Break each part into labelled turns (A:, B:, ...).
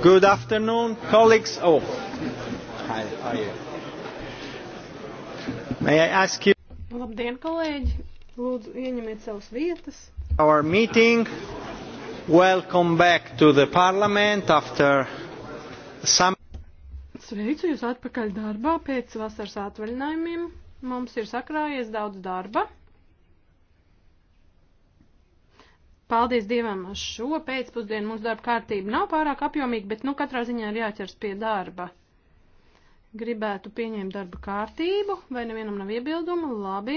A: Good afternoon, colleagues. Oh, hi, how are you? May I ask you?
B: Labdien, kolēģi! Lūdzu, ieņemiet savas vietas.
A: Our meeting. Welcome
B: back to the parliament after some. Sveicu jūs atpakaļ darbā pēc vasaras atvaļinājumiem. Mums ir sakrājies daudz darba. Paldies Dievam, šo pēcpusdienu mums darba kārtība nav pārāk apjomīga, bet nu katrā ziņā ir jāķers pie darba. Gribētu pieņemt darba kārtību, vai nevienam nav iebildumu? Labi.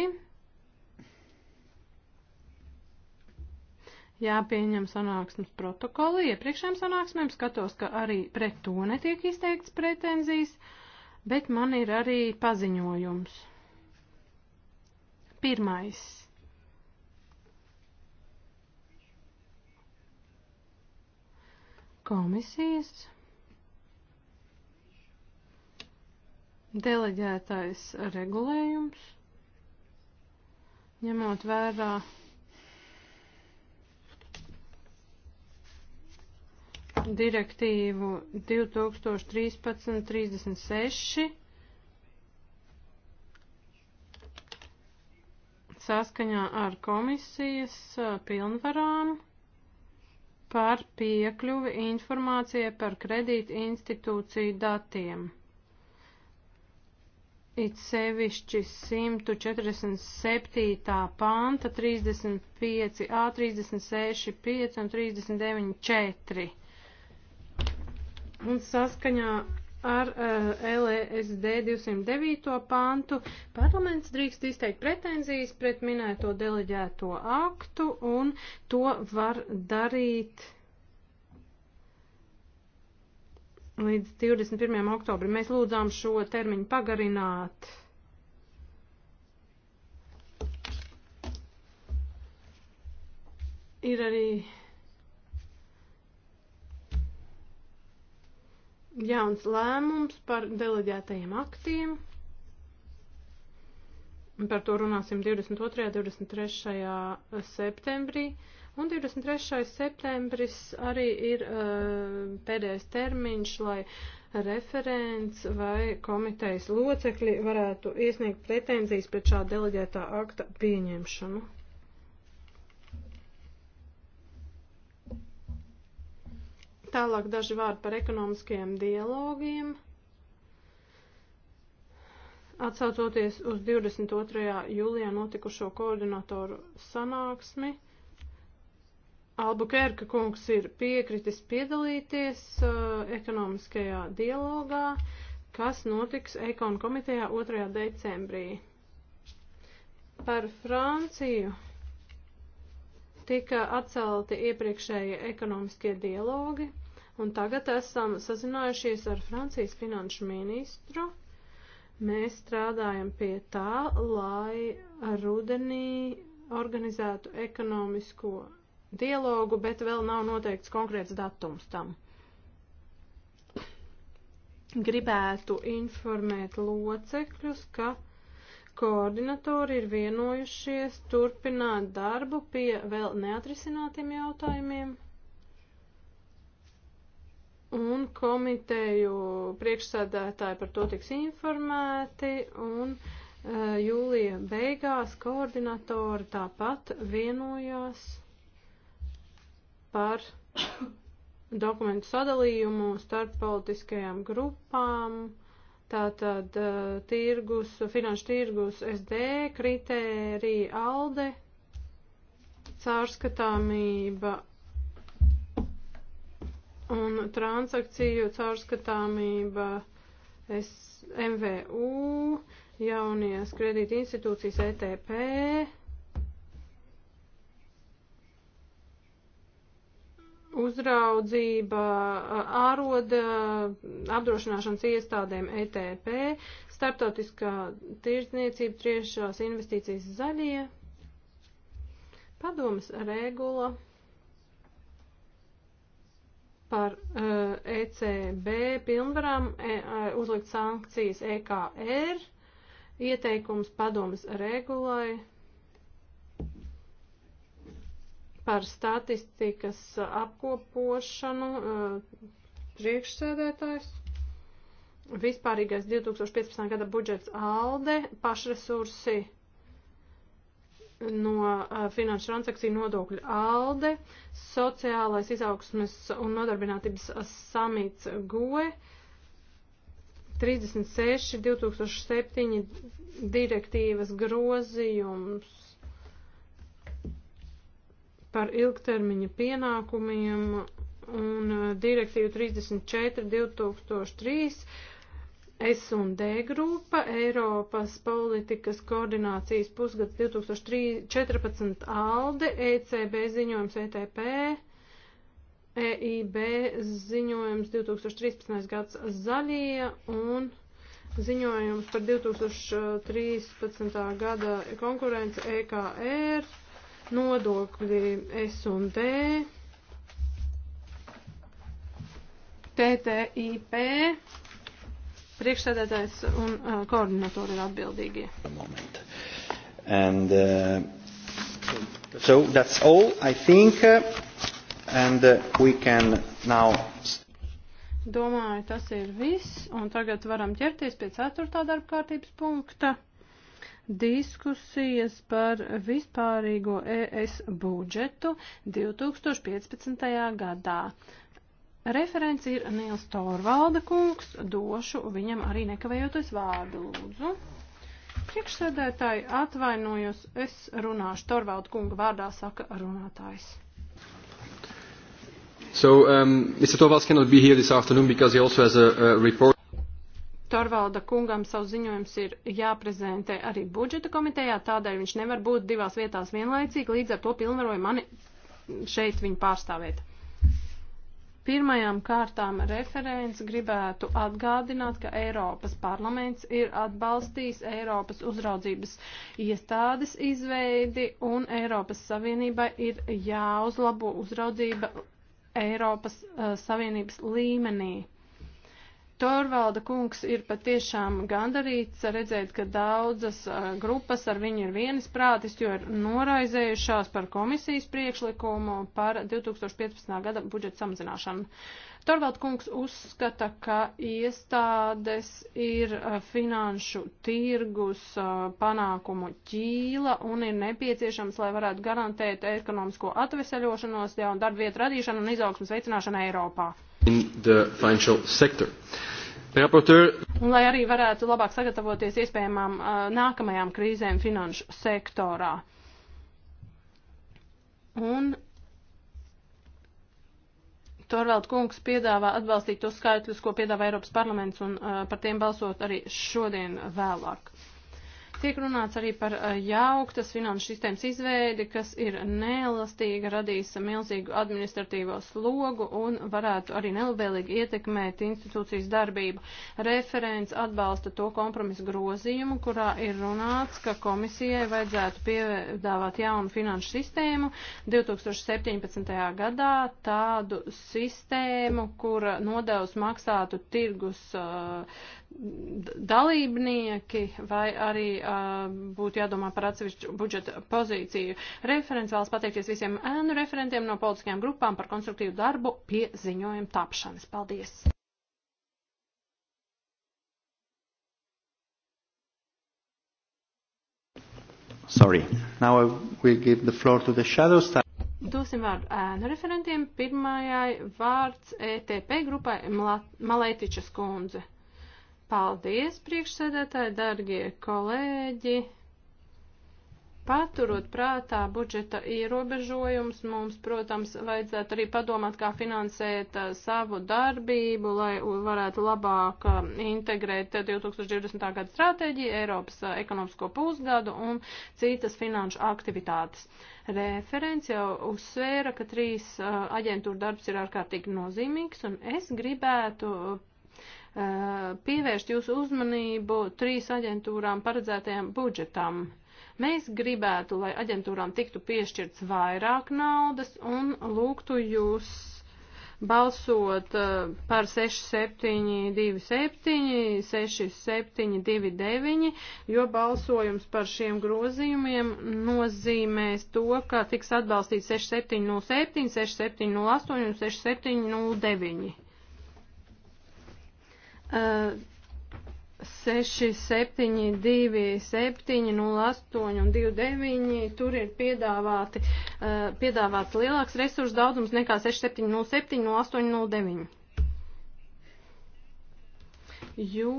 B: Jāpieņem sanāksmes protokoli. Iepriekšējām sanāksmēm skatos, ka arī pret to netiek izteikts pretenzijas, bet man ir arī paziņojums. Pirmais. komisijas deleģētais regulējums, ņemot vērā direktīvu 2013-36 saskaņā ar komisijas pilnvarām. Uh, par piekļuvi informācijai par kredīti institūciju datiem. It sevišķi 147. panta 35, A 36, 5 un 39, 4. Un saskaņā ar uh, LSD 209. pantu parlaments drīkst izteikt pretenzijas pret minēto deleģēto aktu un to var darīt līdz 21. oktobrim. Mēs lūdzām šo termiņu pagarināt. Ir arī jauns lēmums par deleģētajiem aktiem. Par to runāsim 22. un 23. septembrī. Un 23. septembris arī ir uh, pēdējais termiņš, lai referents vai komitejas locekļi varētu iesniegt pretenzijas pret šā deleģētā akta pieņemšanu. Tālāk daži vārdi par ekonomiskajiem dialogiem. Atsaucoties uz 22. jūlijā notikušo koordinatoru sanāksmi, Albuquerque kungs ir piekritis piedalīties uh, ekonomiskajā dialogā, kas notiks Ekon komitejā 2. decembrī. Par Franciju tika atcelti iepriekšējie ekonomiskie dialogi, Un tagad esam sazinājušies ar Francijas finanšu ministru. Mēs strādājam pie tā, lai rudenī organizētu ekonomisko dialogu, bet vēl nav noteikts konkrēts datums tam. Gribētu informēt locekļus, ka koordinatori ir vienojušies turpināt darbu pie vēl neatrisinātiem jautājumiem un komiteju priekšsādātāji par to tiks informēti, un uh, jūlija beigās koordinatori tāpat vienojās par dokumentu sadalījumu starp politiskajām grupām, tātad uh, tirgus, finanšu tirgus SD, kritērija ALDE, caurskatāmība un transakciju caurskatāmība S, MVU, jaunies kredīti institūcijas ETP. Uzraudzība āroda apdrošināšanas iestādēm ETP, starptautiskā tirdzniecība, triešās investīcijas zaļie, padomas regula par uh, eh, ECB pilnvarām e, uzlikt sankcijas EKR, ieteikums padomas regulai par statistikas apkopošanu uh, priekšsēdētājs. Vispārīgais 2015. gada budžets ALDE, pašresursi no finanšu transakciju nodokļu ALDE, sociālais izaugsmes un nodarbinātības samits GOE, 36 2007 direktīvas grozījums par ilgtermiņa pienākumiem un direktīvu 34 2003 S un D grupa Eiropas politikas koordinācijas pusgads 2014 ALDE, ECB ziņojums ETP, EIB ziņojums 2013 gads zaļie un ziņojums par 2013. gada konkurence EKR, nodokļi S un D, TTIP. Priekšsēdētājs un uh, koordinatori ir atbildīgie. Moment. And, uh, so that's all, I think, uh, and uh, we can now. Domāju, tas ir viss, un tagad varam ķerties pie ceturtā darba kārtības punkta diskusijas par vispārīgo ES budžetu 2015. gadā. Referents ir Nils Torvalda kungs, došu viņam arī nekavējoties vārdu lūdzu. Priekšsēdētāji atvainojos, es runāšu Torvalda kunga vārdā, saka runātājs.
C: So, um, Mr. Torvalds cannot be here this afternoon because he also has a, a report.
B: Torvalda kungam savu ziņojums ir jāprezentē arī budžeta komitejā, tādēļ viņš nevar būt divās vietās vienlaicīgi, līdz ar to pilnvaroja mani šeit viņu pārstāvēt. Pirmajām kārtām referents gribētu atgādināt, ka Eiropas parlaments ir atbalstījis Eiropas uzraudzības iestādes izveidi un Eiropas Savienībai ir jāuzlabo uzraudzība Eiropas uh, Savienības līmenī. Torvalda kungs ir patiešām gandarīts redzēt, ka daudzas grupas ar viņu ir vienisprātis, jo ir noraizējušās par komisijas priekšlikumu par 2015. gada budžeta samazināšanu. Torvalda kungs uzskata, ka iestādes ir finanšu tirgus panākumu ķīla un ir nepieciešams, lai varētu garantēt ekonomisko atveseļošanos, jaunu darba vietu radīšanu un izaugsmas veicināšanu Eiropā. Rapporteur... Un lai arī varētu labāk sagatavoties iespējamām uh, nākamajām krīzēm finanšu sektorā. Un Torvald kungs piedāvā atbalstīt tos skaitļus, ko piedāvā Eiropas parlaments, un uh, par tiem balsot arī šodien vēlāk. Uh, Tiek runāts arī par eh, jauktas finanšu sistēmas izveidi, kas ir neelastīga, radīs milzīgu administratīvo slogu un varētu arī nelabvēlīgi ietekmēt institūcijas darbību. Referents atbalsta to kompromisu grozījumu, kurā ir runāts, ka komisijai vajadzētu piedāvāt jaunu finanšu sistēmu 2017. gadā, tādu sistēmu, kura nodevs maksātu tirgus uh, dalībnieki vai arī uh, būtu jādomā par atsevišķu budžeta pozīciju. Referents vēlas pateikties visiem ēnu referentiem no politiskajām grupām par konstruktīvu darbu pie ziņojuma tapšanas. Paldies! Sorry. Now I will give the floor to the shadow staff. Dosim vārdu ēnu referentiem. Pirmajai vārds ETP grupai Malētičas kundze. Paldies, priekšsēdētāji, dargie kolēģi! Paturot prātā budžeta ierobežojums, mums, protams, vajadzētu arī padomāt, kā finansēt uh, savu darbību, lai varētu labāk uh, integrēt 2020. Uh, gada stratēģiju, Eiropas ekonomisko pusgadu un citas finanšu aktivitātes. Referents jau uzsvēra, ka trīs aģentūra darbs ir ārkārtīgi nozīmīgs, un es gribētu Uh, pievērst jūsu uzmanību trīs aģentūrām paredzētajām budžetam. Mēs gribētu, lai aģentūrām tiktu piešķirts vairāk naudas un lūgtu jūs balsot uh, par 6727, 6729, jo balsojums par šiem grozījumiem nozīmēs to, ka tiks atbalstīts 6707, 6708 un 6709. Uh, 6, 7, 2, 7, 0, 8 un 2, 9. Tur ir piedāvāti, uh, eh, piedāvāts lielāks resursu daudzums nekā 6, 7, 0, 7, 0, 8, 0, 9. Jo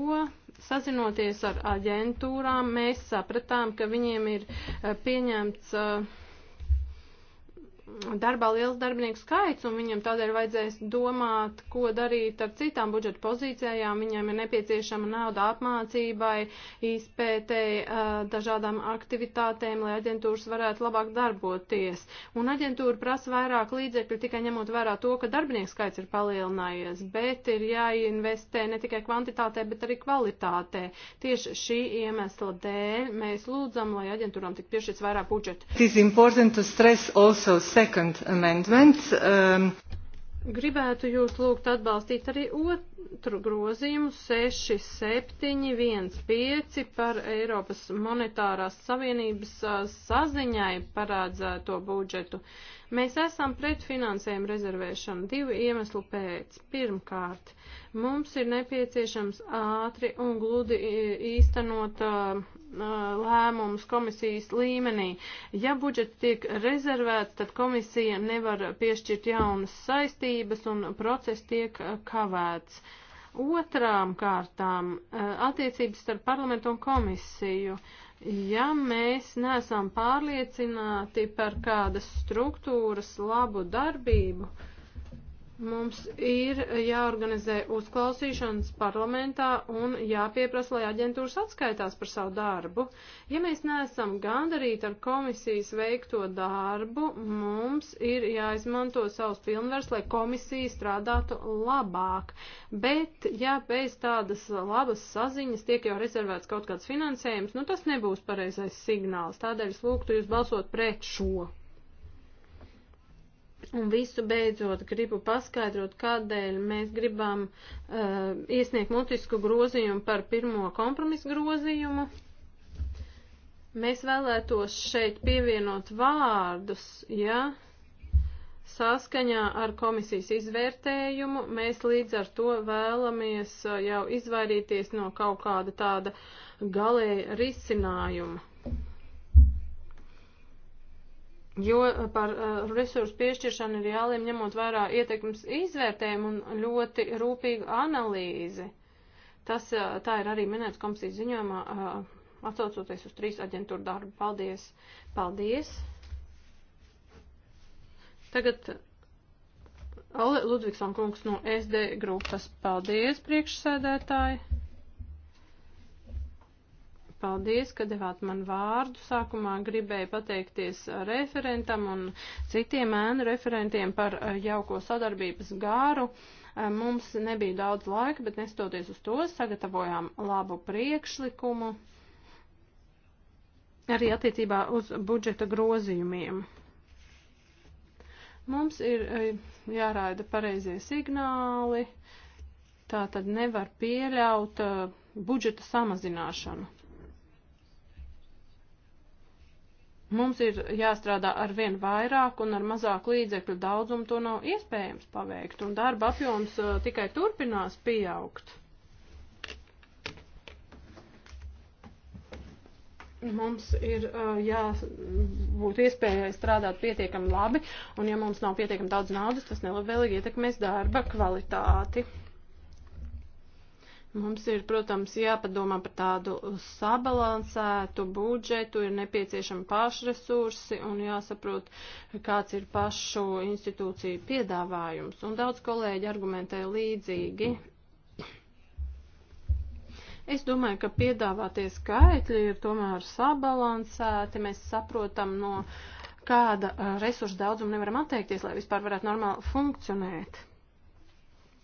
B: sazinoties ar aģentūrām, mēs sapratām, ka viņiem ir uh, pieņemts. Uh, darbā liels darbinieku skaits, un viņam tādēļ vajadzēs domāt, ko darīt ar citām budžeta pozīcijām. Viņam ir nepieciešama nauda apmācībai, izpētēji, dažādām aktivitātēm, lai aģentūras varētu labāk darboties. Un aģentūra prasa vairāk līdzekļu tikai ņemot vērā to, ka darbinieku skaits ir palielinājies, bet ir jāinvestē ne tikai kvantitātē, bet arī kvalitātē. Tieši šī iemesla dēļ mēs lūdzam, lai aģentūram tik piešķirts vairāk budžeta second amendment. Um, Gribētu jūs lūgt atbalstīt arī otru grozījumu 6715 par Eiropas monetārās savienības saziņai parādzēto budžetu. Mēs esam pret finansējumu rezervēšanu divu iemeslu pēc. Pirmkārt, mums ir nepieciešams ātri un gludi īstenot lēmumus komisijas līmenī. Ja budžets tiek rezervēts, tad komisija nevar piešķirt jaunas saistības un process tiek kavēts. Otrām kārtām attiecības starp parlamentu un komisiju. Ja mēs neesam pārliecināti par kādas struktūras labu darbību, uh, Mums ir jāorganizē uzklausīšanas parlamentā un jāpieprasa, lai aģentūras atskaitās par savu darbu. Ja mēs neesam gandarīti ar komisijas veikto darbu, mums ir jāizmanto savus pilnvers, lai komisija strādātu labāk. Bet, ja bez tādas labas saziņas tiek jau rezervēts kaut kāds finansējums, nu tas nebūs pareizais signāls. Tādēļ es lūgtu jūs balsot pret šo. Un visu beidzot gribu paskaidrot, kādēļ mēs gribam uh, iesniegt mutisku grozījumu par pirmo kompromisu grozījumu. Mēs vēlētos šeit pievienot vārdus, ja saskaņā ar komisijas izvērtējumu mēs līdz ar to vēlamies uh, jau izvairīties no kaut kāda tāda galēja risinājuma. Jo eh, par uh, resursu piešķiršanu ir jālēm ņemot vērā ietekmes izvērtējumu un ļoti rūpīgu analīzi. Tas uh, tā ir arī minēts komisijas ziņojumā, uh, atsaucoties uz trīs aģentūru darbu. Paldies! Paldies! Tagad Ale Ludvigson kungs no SD grupas. Paldies, priekšsēdētāji! Paldies, ka devāt man vārdu. Sākumā gribēju pateikties referentam un citiem ēnu referentiem par eh, jauko sadarbības gāru. Eh, mums nebija daudz laika, bet nestoties uz to, sagatavojām labu priekšlikumu arī attiecībā uz budžeta grozījumiem. Mums ir eh, jāraida pareizie signāli, tā tad nevar pieļaut budžeta samazināšanu. Mums ir jāstrādā ar vien vairāk un ar mazāku līdzekļu daudzumu to nav iespējams paveikt, un darba apjoms uh, tikai turpinās pieaugt. mums ir uh, jābūt iespējai strādāt pietiekami labi, un ja mums nav pietiekami daudz naudas, tas nelabvēlīgi ietekmēs darba kvalitāti. Mums ir, protams, jāpadomā par tādu sabalansētu budžetu, ir nepieciešami pašresursi un jāsaprot, kāds ir pašu institūciju piedāvājums. Un daudz kolēģi argumentē līdzīgi. Es domāju, ka piedāvātie skaitļi ir tomēr sabalansēti, mēs saprotam no kāda resursa daudzuma nevaram atteikties, lai vispār varētu normāli funkcionēt.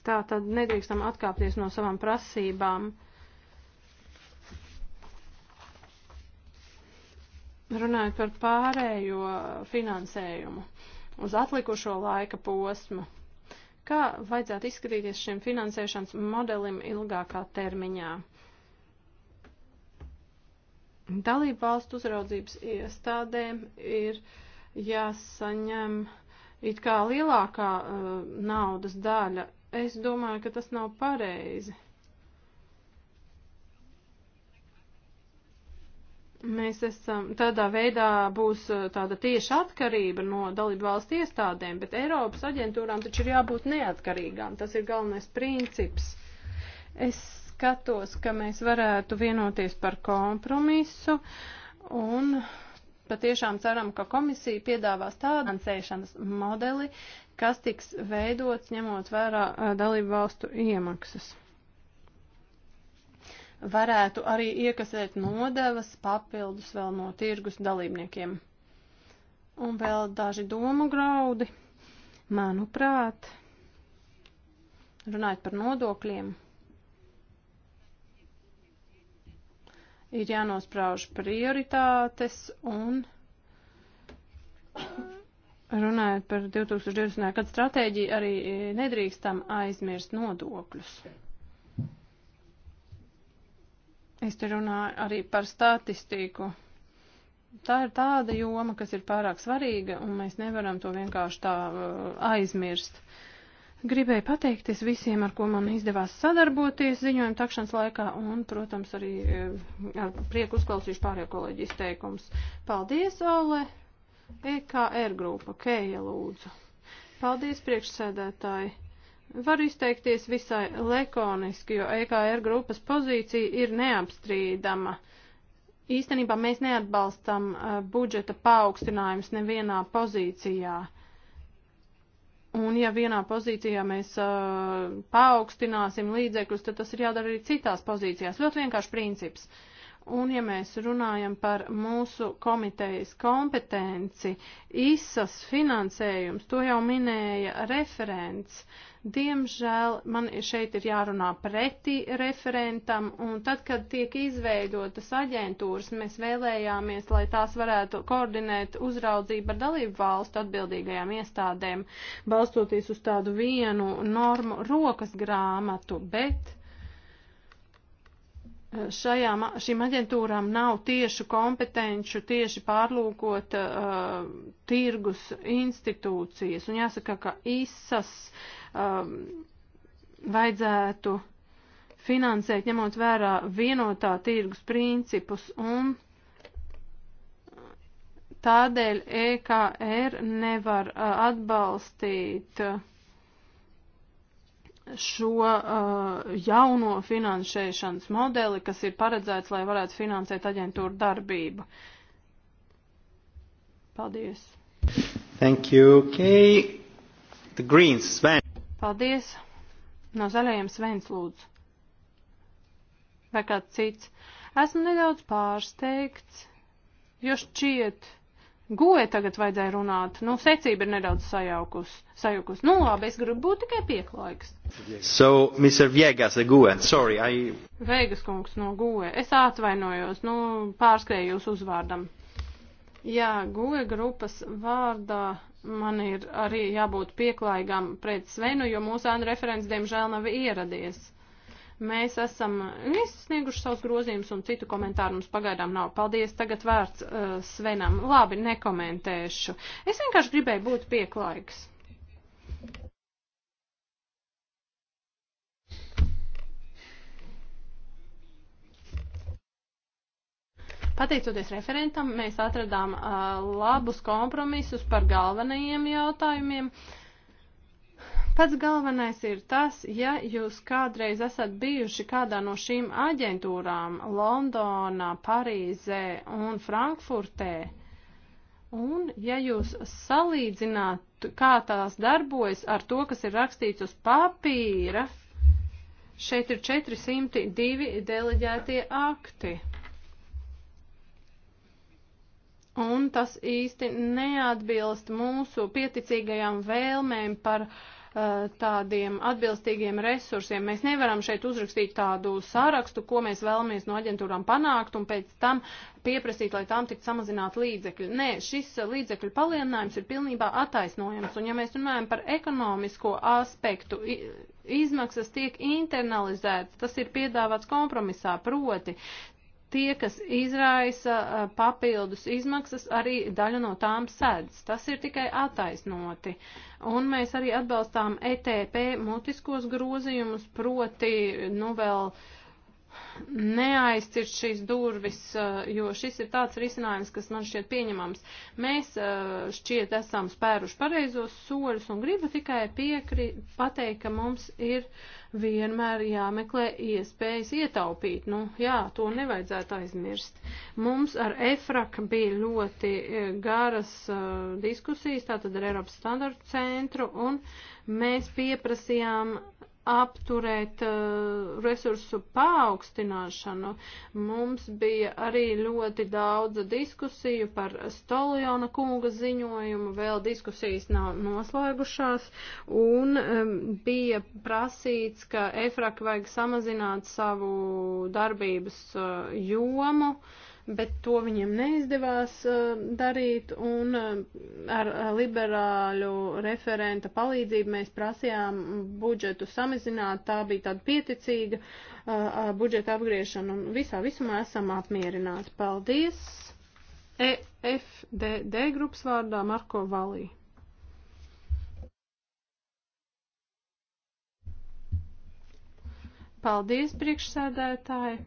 B: Tā tad nedrīkstam atkāpties no savām prasībām. Runājot par pārējo finansējumu uz atlikušo laika posmu, kā vajadzētu izskatīties šim finansēšanas modelim ilgākā termiņā? Dalību valstu uzraudzības iestādēm ir jāsaņem it kā lielākā uh, naudas daļa Es domāju, ka tas nav pareizi. Mēs esam tādā veidā būs uh, tāda tieša atkarība no dalību valsts iestādēm, bet Eiropas aģentūrām taču ir jābūt neatkarīgām. Tas ir galvenais princips. Es skatos, ka mēs varētu vienoties par kompromisu un patiešām ceram, ka komisija piedāvās tādu finansēšanas modeli, kas tiks veidots ņemot vērā dalību valstu iemaksas. Varētu arī iekasēt nodevas papildus vēl no tirgus dalībniekiem. Un vēl daži domu graudi, manuprāt, runājot par nodokļiem. ir jānosprauž prioritātes un Runājot par 2020. gadu stratēģiju, arī e, nedrīkstam aizmirst nodokļus. Es te runāju arī par statistiku. Tā ir tāda joma, kas ir pārāk svarīga, un mēs nevaram to vienkārši tā e, aizmirst. Gribēju pateikties visiem, ar ko man izdevās sadarboties ziņojuma takšanas laikā, un, protams, arī e, ar prieku uzklausīšu pārējo kolēģi izteikums. Paldies, Ole! EKR grupa, Kēja lūdzu. Paldies, priekšsēdētāji. Varu izteikties visai lekoniski, jo EKR grupas pozīcija ir neapstrīdama. Īstenībā mēs neatbalstam uh, budžeta paaugstinājums nevienā pozīcijā. Un ja vienā pozīcijā mēs uh, paaugstināsim līdzekļus, tad tas ir jādara arī citās pozīcijās. Ļoti vienkārši princips. Uh, Un ja mēs runājam par mūsu komitejas kompetenci, ISAS finansējums, to jau minēja referents. Diemžēl man šeit ir jārunā pretī referentam, un tad, kad tiek izveidotas aģentūras, mēs vēlējāmies, lai tās varētu koordinēt uzraudzību ar dalību valstu atbildīgajām iestādēm, balstoties uz tādu vienu normu rokas grāmatu, bet šajām, šīm aģentūrām nav tiešu kompetenču tieši pārlūkot uh, tirgus institūcijas. Un jāsaka, ka ISAS uh, vajadzētu finansēt, ņemot vērā vienotā tirgus principus un tādēļ EKR nevar uh, atbalstīt. Uh, šo uh, jauno finansēšanas modeli, kas ir paredzēts, lai varētu finansēt aģentūru darbību. Paldies. Thank you, Kay. The Greens, Sven. Paldies. No zaļajiem Svens lūdzu. Vai kāds cits? Esmu nedaudz pārsteigts, jo šķiet, Goja tagad vajadzēja runāt. Nu, secība ir nedaudz sajaukus. sajaukus. Nu, labi, es gribu būt tikai pieklājīgs. So, Mr. Viegas, the Goja, sorry, I... Vēgas kungs no Goja. Es atvainojos, nu, pārskrēju jūs uzvārdam. Jā, Goja grupas vārdā man ir arī jābūt pieklājīgam pret Svenu, jo mūsu āna referents, diemžēl, nav ieradies. Mēs esam izsnieguši savus grozījumus un citu komentāru mums pagaidām nav. Paldies, tagad vārds uh, Svenam. Labi, nekomentēšu. Es vienkārši gribēju būt pieklājīgs. Pateicoties referentam, mēs atradām uh, labus kompromisus par galvenajiem jautājumiem. Uh, Pats galvenais ir tas, ja jūs kādreiz esat bijuši kādā no šīm aģentūrām Londonā, Parīzē un Frankfurtē, Un, ja jūs salīdzināt, kā tās darbojas ar to, kas ir rakstīts uz papīra, šeit ir 402 deleģētie akti. Un tas īsti neatbilst mūsu pieticīgajām vēlmēm par uh, Eh, tādiem atbilstīgiem resursiem. Mēs nevaram šeit uzrakstīt tādu sārakstu, ko mēs vēlamies no aģentūrām panākt un pēc tam pieprasīt, lai tām tiktu samazināt līdzekļi. Nē, šis līdzekļu palielinājums ir pilnībā attaisnojams. Un ja mēs runājam par ekonomisko aspektu, izmaksas tiek internalizētas, tas ir piedāvāts kompromisā, proti tie, kas izraisa eh, papildus izmaksas, arī daļu no tām sēdz. Tas ir tikai attaisnoti. Un mēs arī atbalstām ETP mutiskos grozījumus, proti, nu vēl uh, neaizcirst šīs durvis, eh, jo šis ir tāds risinājums, kas man šķiet pieņemams. Mēs eh, šķiet esam spēruši pareizos soļus un gribu tikai piekri pateikt, ka mums ir vienmēr jāmeklē iespējas ietaupīt. Nu, jā, to nevajadzētu aizmirst. Mums ar EFRAK bija ļoti eh, garas diskusijas, tātad ar Eiropas standartu centru, un mēs pieprasījām apturēt uh, resursu paaugstināšanu. Mums bija arī ļoti daudz diskusiju par Stoliona kunga ziņojumu, vēl diskusijas nav noslēgušās, un um, bija prasīts, ka EFRAK vajag samazināt savu darbības uh, jomu. Uh, bet to viņiem neizdevās uh, darīt, un uh, ar eh, liberāļu referenta palīdzību mēs prasījām budžetu samazināt, tā bija tāda pieticīga uh, budžeta apgriešana, un visā visumā esam apmierināti. Paldies! EFDD grupas vārdā Marko Valī. Paldies, priekšsēdētāji!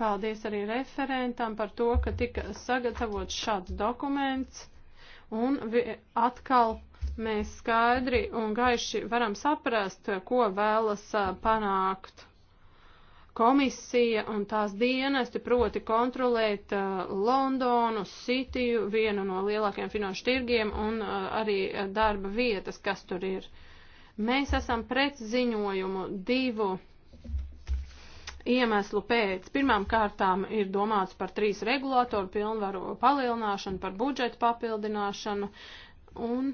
B: Paldies arī referentam par to, ka tika sagatavots šāds dokuments. Un atkal mēs skaidri un gaiši varam saprast, ko vēlas panākt komisija un tās dienesti, proti kontrolēt Londonu, Sitiju, vienu no lielākajiem finanšu tirgiem un arī darba vietas, kas tur ir. Mēs esam pret ziņojumu divu iemeslu pēc. Pirmām kārtām ir domāts par trīs regulātoru pilnvaru palielināšanu, par budžetu papildināšanu un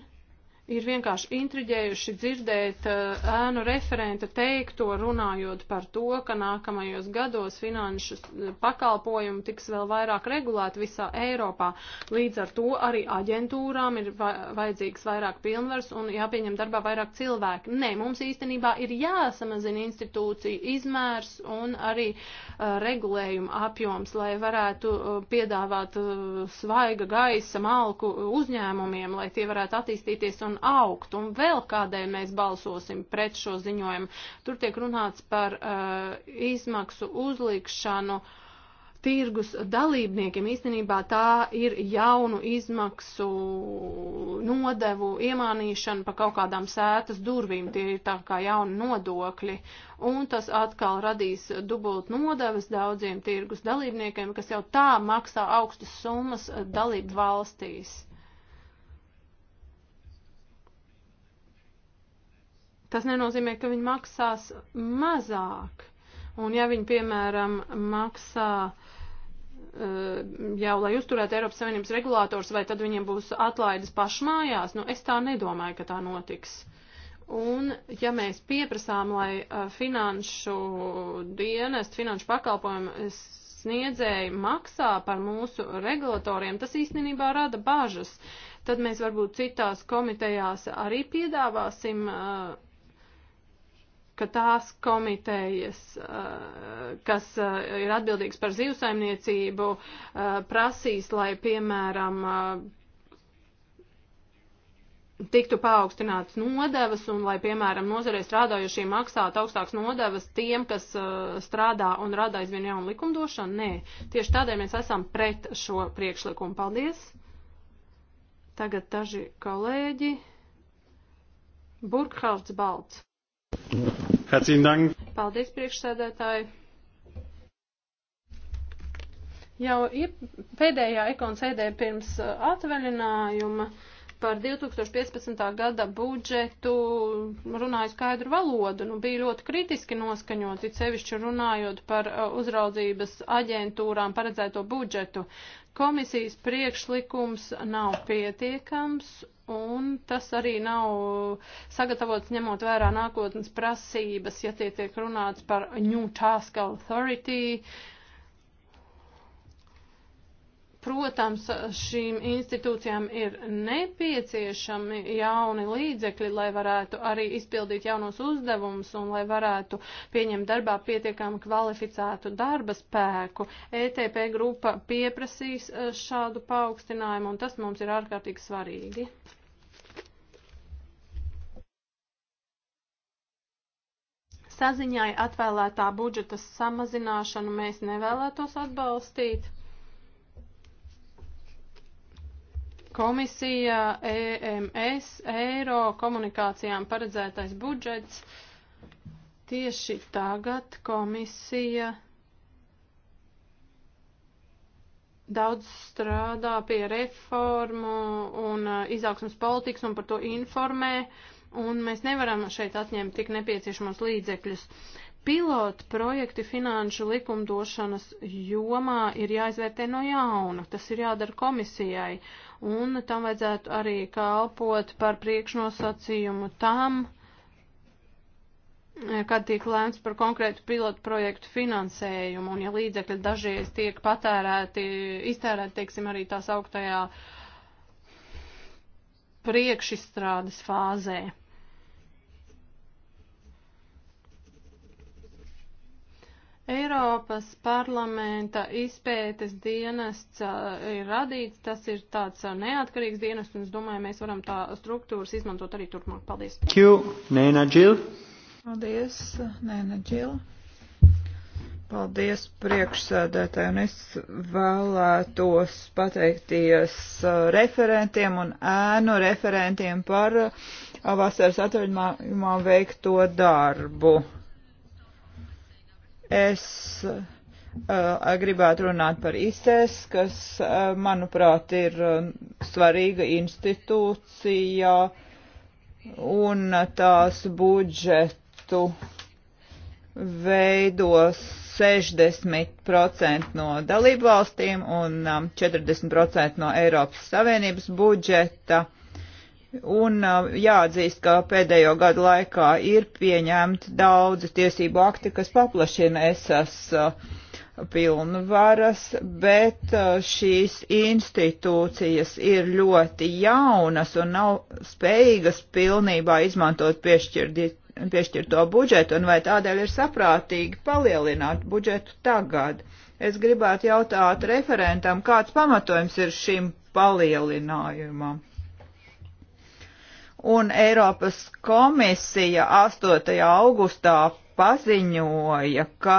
B: ir vienkārši intriģējuši dzirdēt eh, ēnu referenta teikto, runājot par to, ka nākamajos gados finanšu eh, pakalpojumi tiks vēl vairāk regulēti visā Eiropā. Līdz ar to arī aģentūrām ir vajadzīgs vairāk pilnvars un jāpieņem darbā vairāk cilvēku. Nē, mums īstenībā ir jāsamazina institūciju izmērs un arī uh, regulējuma apjoms, lai varētu uh, piedāvāt uh, svaiga gaisa malku uzņēmumiem, lai tie varētu attīstīties un un augt. Un vēl kādēļ mēs balsosim pret šo ziņojumu. Tur tiek runāts par uh, izmaksu uzlikšanu. Tirgus dalībniekiem īstenībā tā ir jaunu izmaksu nodevu iemānīšana pa kaut kādām sētas durvīm, tie ir tā kā jauni nodokļi, un tas atkal radīs dubult nodevas daudziem tirgus dalībniekiem, kas jau tā maksā augstas summas dalību valstīs. Tas nenozīmē, ka viņi maksās mazāk. Un ja viņi, piemēram, maksā eh, jau, lai uzturētu Eiropas Savienības regulātors, vai tad viņiem būs atlaides pašmājās, nu es tā nedomāju, ka tā notiks. Un, ja mēs pieprasām, lai eh, finanšu dienest, finanšu pakalpojumu sniedzēji maksā par mūsu regulatoriem, tas īstenībā rada bažas. Tad mēs varbūt citās komitejās arī piedāvāsim uh, ka tās komitejas, eh, kas eh, ir atbildīgas par zivsaimniecību, eh, prasīs, lai, piemēram, tiktu paaugstināts nodevas un lai, piemēram, nozarē strādājušie maksātu augstāks nodevas tiem, kas uh, strādā un rada aizvien jaunu likumdošanu? Nē, tieši tādēļ mēs esam pret šo priekšlikumu. Paldies! Tagad daži kolēģi. Burkhards Balts. Paldies, priekšsēdētāji! Jau pēdējā ekonas sēdē pirms uh, atvaļinājuma par 2015. gada budžetu runāju skaidru valodu. Nu, bija ļoti kritiski noskaņoti, sevišķi runājot par uh, uzraudzības aģentūrām paredzēto budžetu. Komisijas priekšlikums nav pietiekams un tas arī nav sagatavots ņemot vērā nākotnes prasības, ja tie tiek runāts par New Task Authority, uh, Protams, šīm institūcijām ir nepieciešami jauni līdzekļi, lai varētu arī izpildīt jaunos uzdevumus un lai varētu pieņemt darbā pietiekami kvalificētu darba spēku. ETP grupa pieprasīs eh, šādu paaugstinājumu un tas mums ir ārkārtīgi svarīgi. Saziņai atvēlētā budžeta samazināšanu mēs nevēlētos atbalstīt. Komisija, EMS, eiro, komunikācijām paredzētais budžets. Tieši tagad komisija daudz strādā pie reformu un uh, izaugsmas politikas un par to informē, un mēs nevaram šeit atņemt tik nepieciešamos līdzekļus. Pilotu projekti finanšu likumdošanas jomā ir jāizvērtē no jauna, tas ir jādara komisijai. Uh, un tam vajadzētu arī kalpot par priekšnosacījumu tam, kad tiek lēmts par konkrētu pilotu projektu finansējumu, un ja līdzekļi dažreiz tiek patērēti, iztērēti, teiksim, arī tās augtajā priekšizstrādes fāzē. Eiropas parlamenta izpētes dienests ir radīts, tas ir tāds neatkarīgs dienests, un es domāju, mēs varam tā struktūras izmantot arī turpmāk. Paldies. Q, Nēna Džil.
A: Paldies, Nēna Džil. Paldies priekšsēdētāji, un es vēlētos pateikties referentiem un ēnu referentiem par vasaras atvaļinājumā veikto darbu. Es uh, gribētu runāt par ISES, kas, uh, manuprāt, ir uh, svarīga institūcija un tās budžetu veido 60% no dalībvalstīm un 40% no Eiropas Savienības budžeta Un uh, jāatzīst, ka pēdējo gadu laikā ir pieņemti daudzi tiesību akti, kas paplašina esas uh, pilnvaras, bet uh, šīs institūcijas ir ļoti jaunas un nav spējīgas pilnībā izmantot piešķirto budžetu, un vai tādēļ ir saprātīgi palielināt budžetu tagad? Es gribētu jautāt referentam, kāds pamatojums ir šim palielinājumam? un Eiropas komisija 8. augustā paziņoja, ka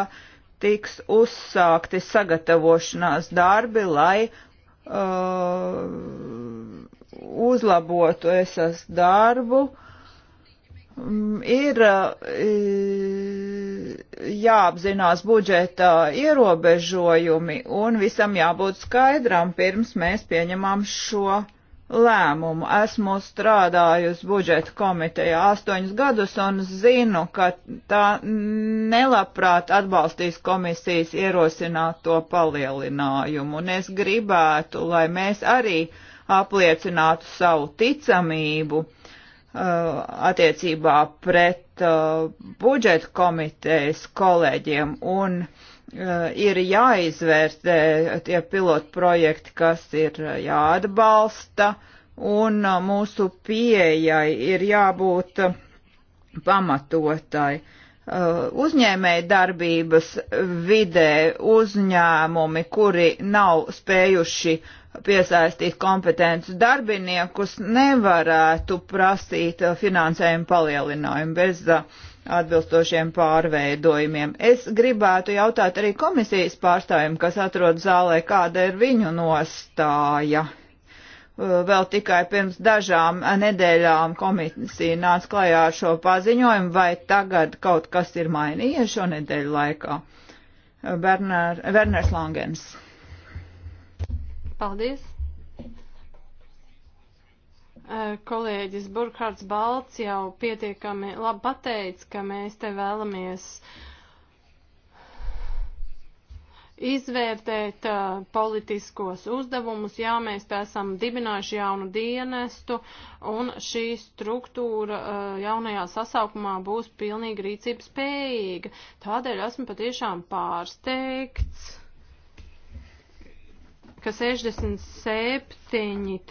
A: tiks uzsākti sagatavošanās darbi, lai uh, uzlabotu esas darbu. Mm, ir uh, jāapzinās budžeta ierobežojumi un visam jābūt skaidram pirms mēs pieņemam šo lēmumu. Esmu strādājusi budžeta komitejā astoņus gadus un zinu, ka tā nelabprāt atbalstīs komisijas ierosināto palielinājumu. Un es gribētu, lai mēs arī apliecinātu savu ticamību uh, attiecībā pret uh, budžeta komitejas kolēģiem un uh, Eh, ir jāizvērtē tie pilotu projekti, kas ir eh, jāatbalsta, un eh, mūsu pieejai ir jābūt pamatotai. Uzņēmēja darbības vidē uzņēmumi, kuri nav spējuši piesaistīt kompetentus darbiniekus, nevarētu prasīt finansējumu palielinājumu bez atbilstošiem pārveidojumiem. Es gribētu jautāt arī komisijas pārstāvjiem, kas atrod zālē, kāda ir viņu nostāja. Uh, vēl tikai pirms dažām nedēļām komisija nāca klajā ar šo paziņojumu, vai tagad kaut kas ir mainījies šo nedēļu laikā. Uh, Berner, Werners Langens. Paldies!
B: Eh, kolēģis Burkhards Balts jau pietiekami labi pateica, ka mēs te vēlamies izvērtēt uh, politiskos uzdevumus. Jā, mēs te esam dibinājuši jaunu dienestu, un šī struktūra uh, jaunajā sasaukumā būs pilnīgi rīcības spējīga. Tādēļ esmu patiešām pārsteigts ka 67, 13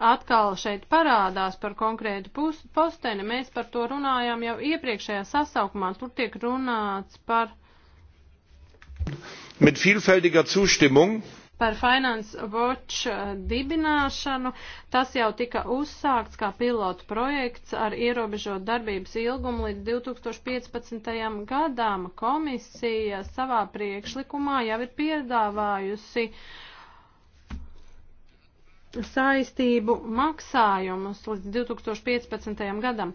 B: atkal šeit parādās par konkrētu posteni. Mēs par to runājām jau iepriekšējā sasaukumā. Tur tiek runāts par.
A: Mit vielfältiger Zustimmung
B: par Finance Watch eh, dibināšanu. Tas jau tika uzsākts kā pilotu projekts ar ierobežot darbības ilgumu līdz 2015. gadām. Komisija savā priekšlikumā jau ir piedāvājusi uh, saistību maksājumus līdz 2015. gadam.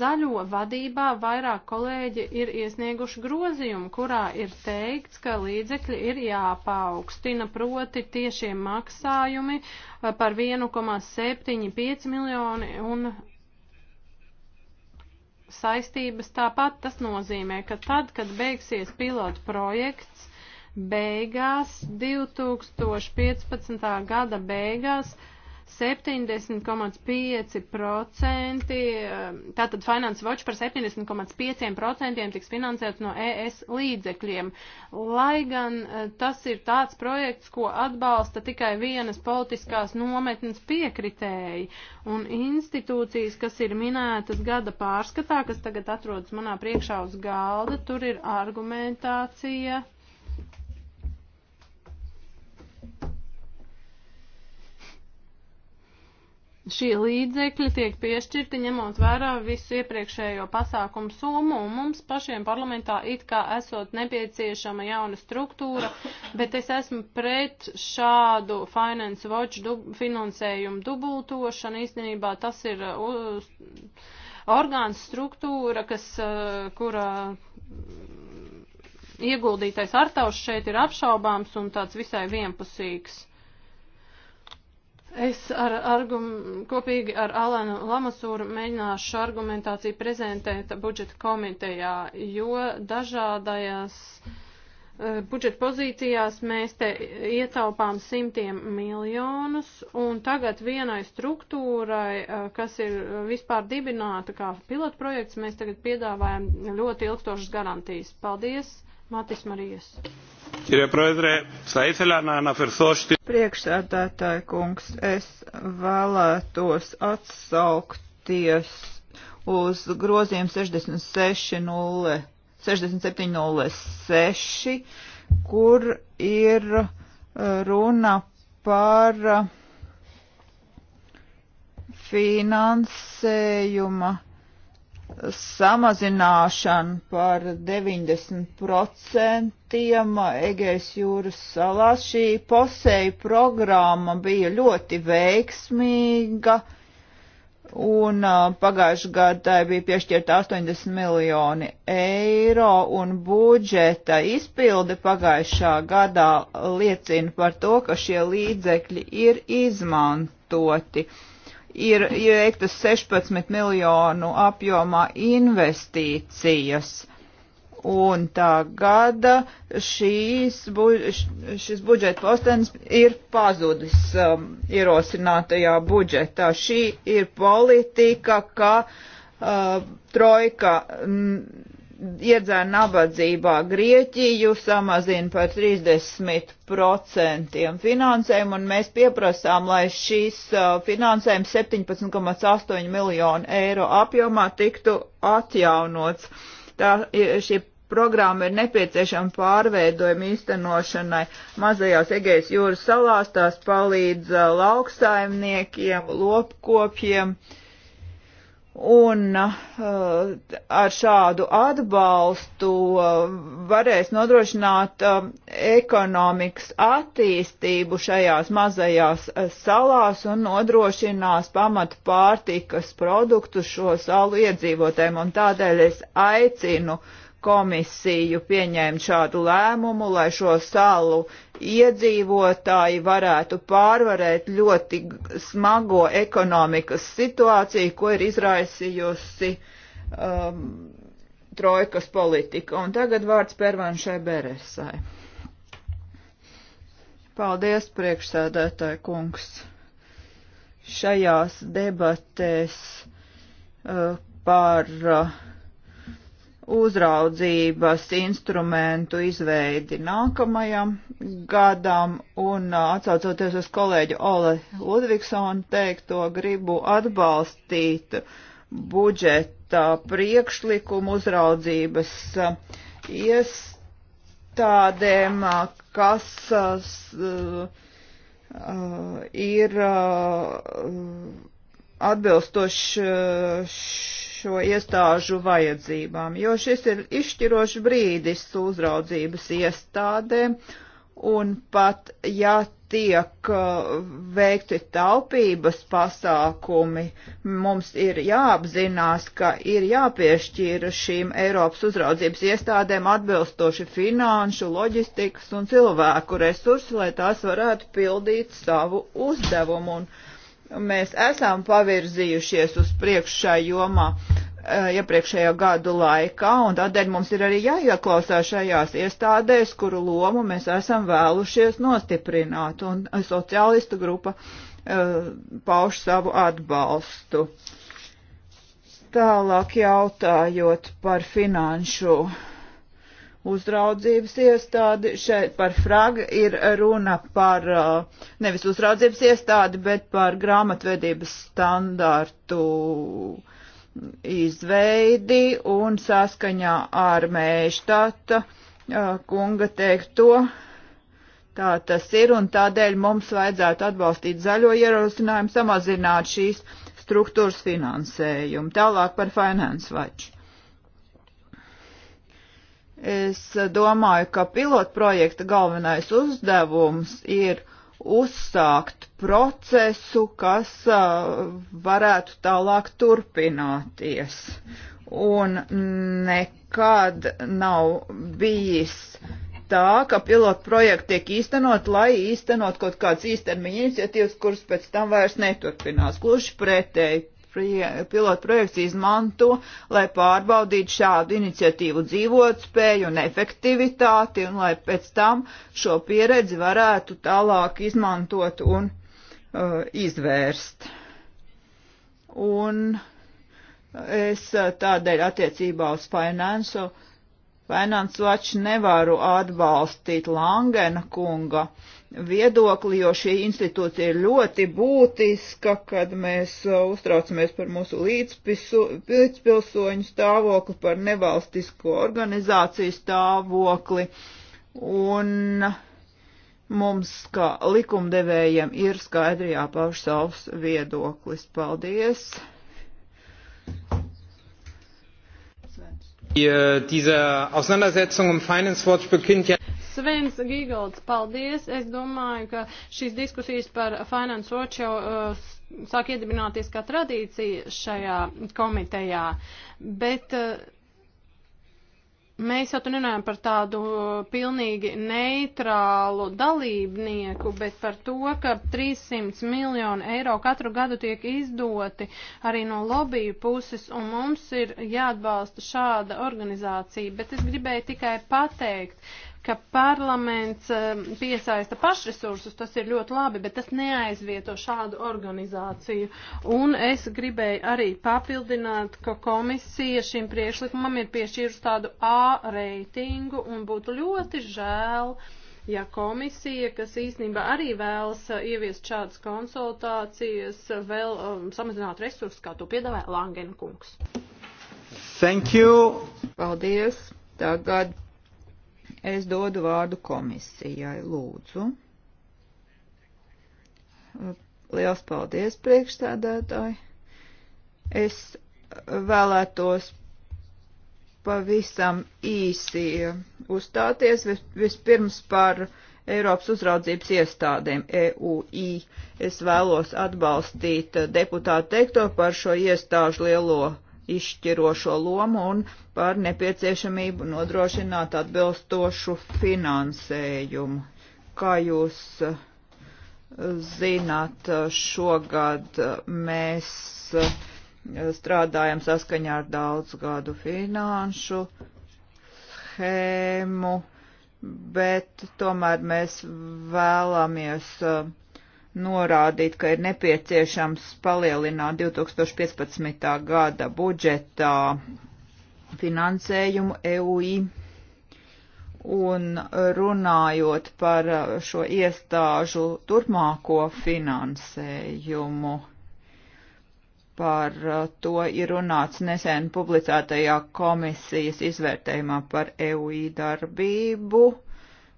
B: Zaļo vadībā vairāk kolēģi ir iesnieguši grozījumu, kurā ir teikts, ka līdzekļi ir jāpaukstina proti tiešie maksājumi par 1,75 miljoni un saistības tāpat tas nozīmē, ka tad, kad beigsies pilotu projekts, beigās, 2015. gada beigās, 70,5%, eh, tātad Finance Watch par 70,5% tiks finansēts no ES līdzekļiem, lai gan eh, tas ir tāds projekts, ko atbalsta tikai vienas politiskās nometnes piekritēji, un institūcijas, kas ir minētas gada pārskatā, kas tagad atrodas manā priekšā uz galda, tur ir argumentācija šie līdzekļi tiek piešķirti ņemot vērā visu iepriekšējo pasākumu summu, un mums pašiem parlamentā it kā esot nepieciešama jauna struktūra, bet es esmu pret šādu Finance Watch dub finansējumu dubultošanu. Īstenībā tas ir uh, orgāns struktūra, kas, uh, kura ieguldītais artavs šeit ir apšaubāms un tāds visai vienpusīgs. Es ar argum, kopīgi ar Alanu Lamasūru mēģināšu šo argumentāciju prezentēt budžeta komitejā, jo dažādajās eh, budžeta pozīcijās mēs te ietaupām simtiem miljonus, un tagad vienai struktūrai, eh, kas ir vispār dibināta kā pilotprojekts, mēs tagad piedāvājam ļoti ilgstošas garantijas. Paldies! Mātis Marijas.
A: Priekšsēdētāji kungs, es vēlētos atsaukties uz grozījumu 66.0. 67.06, kur ir eh, runa par eh, finansējuma samazināšanu par 90% Egejas jūras salās. Šī posēja programma bija ļoti veiksmīga, un pagājušajā gadā bija piešķirta 80 miljoni eiro, un budžeta izpilde pagājušā gadā liecina par to, ka šie līdzekļi ir izmantoti. Uh, ir veiktas 16 miljonu apjomā investīcijas. Un tā gada šīs, šis budžeta postenis ir pazudis um, ierosinātajā budžetā. Šī ir politika, ka uh, trojka. Mm, iedzēra nabadzībā Grieķiju, samazina par 30% finansējumu, un mēs pieprasām, lai šīs uh, finansējums 17,8 miljonu eiro apjomā tiktu atjaunots. Tā, šī programma ir nepieciešama pārveidojuma īstenošanai. Mazajās Egejas jūras salās tās palīdz uh, lauksaimniekiem, lopkopiem. Uh, Un uh, ar šādu atbalstu uh, varēs nodrošināt uh, ekonomikas attīstību šajās mazajās salās un nodrošinās pamatu pārtikas produktu šo salu iedzīvotēm. Un tādēļ es aicinu komisiju pieņēma šādu lēmumu, lai šo salu iedzīvotāji varētu pārvarēt ļoti smago ekonomikas situāciju, ko ir izraisījusi um, trojkas politika. Un tagad vārds pervanšai Beresai. Paldies, priekšsēdētāji kungs. Šajās debatēs uh, par uh, uzraudzības instrumentu izveidi nākamajam gadam, un atsaucoties uz kolēģi Ole Ludvigsonu teikto, gribu atbalstīt budžeta priekšlikumu uzraudzības iestādēm, kas ir atbilstoši šo iestāžu vajadzībām, jo šis ir izšķirošs brīdis uzraudzības iestādēm, un pat ja tiek uh, veikti taupības pasākumi, mums ir jāapzinās, ka ir jāpiešķīra šīm Eiropas uzraudzības iestādēm atbilstoši finanšu, loģistikas un cilvēku resursi, lai tās varētu pildīt savu uzdevumu. Un Mēs esam pavirzījušies uz priekšu šai jomā eh, iepriekšējo gadu laikā, un tādēļ mums ir arī jāieklausās šajās iestādēs, kuru lomu mēs esam vēlušies nostiprināt, un sociālistu grupa uh, pauž savu atbalstu. Tālāk jautājot par finanšu uzraudzības iestādi. Šeit par frag ir runa par uh, nevis uzraudzības iestādi, bet par grāmatvedības standārtu izveidi un saskaņā ar mēštata uh, kunga teikto. Tā tas ir un tādēļ mums vajadzētu atbalstīt zaļo ierosinājumu samazināt šīs struktūras finansējumu. Tālāk par Finance Watch Es domāju, ka pilotprojekta galvenais uzdevums ir uzsākt procesu, kas uh, varētu tālāk turpināties. Un nekad nav bijis tā, ka pilotprojekti tiek īstenot, lai īstenot kaut kādas īstermiņa iniciatīvas, kuras pēc tam vairs neturpinās. Gluži pretēji pilotprojekts izmanto, lai pārbaudītu šādu iniciatīvu dzīvotspēju un efektivitāti, un lai pēc tam šo pieredzi varētu tālāk izmantot un uh, izvērst. Un es uh, tādēļ attiecībā uz Financial Finance Watch nevaru atbalstīt Langena kunga uh, viedokli, jo šī institūcija ir ļoti būtiska, kad mēs uh, uztraucamies par mūsu līdzpilsoņu stāvokli, par nevalstisko organizāciju stāvokli. Un mums, kā likumdevējiem, ir skaidri jāpauž savs viedoklis. Paldies!
B: Svens. Diese Auseinandersetzung um Finance Watch beginnt ja Svens Gigolds, paldies. Es domāju, ka šīs diskusijas par Finance Watch jau uh, sāk iedibināties kā tradīcija šajā komitejā. Bet, uh, Mēs jau tur nerunājam par tādu uh, pilnīgi neitrālu dalībnieku, bet par to, ka 300 miljonu eiro katru gadu tiek izdoti arī no lobiju puses, un mums ir jāatbalsta šāda organizācija. Bet es gribēju tikai pateikt, ka parlaments piesaista pašresursus, tas ir ļoti labi, bet tas neaizvieto šādu organizāciju. Un es gribēju arī papildināt, ka komisija šim priekšlikumam ir piešķīrusi tādu A reitingu un būtu ļoti žēl, ja komisija, kas īstenībā arī vēlas eh, ieviest šādas konsultācijas, vēl um, samazināt resursus, kā to piedāvāja Langenkungs.
A: Thank you. Paldies. Tagad Es dodu vārdu komisijai, lūdzu. Liels paldies, priekšstādātāji. Es vēlētos pavisam īsi uzstāties vispirms par Eiropas uzraudzības iestādēm EUI. Es vēlos atbalstīt deputātu teikto par šo iestāžu lielo izšķirošo lomu un par nepieciešamību nodrošināt atbilstošu finansējumu. Kā jūs eh, zināt, šogad eh, mēs eh, strādājam saskaņā ar daudzgadu finanšu schēmu, bet tomēr mēs vēlamies uh, norādīt, ka ir nepieciešams palielināt 2015. gada budžetā finansējumu EUI. Un runājot par šo iestāžu turpmāko finansējumu, par to ir runāts nesen publicētajā komisijas izvērtējumā par EUI darbību. Uh,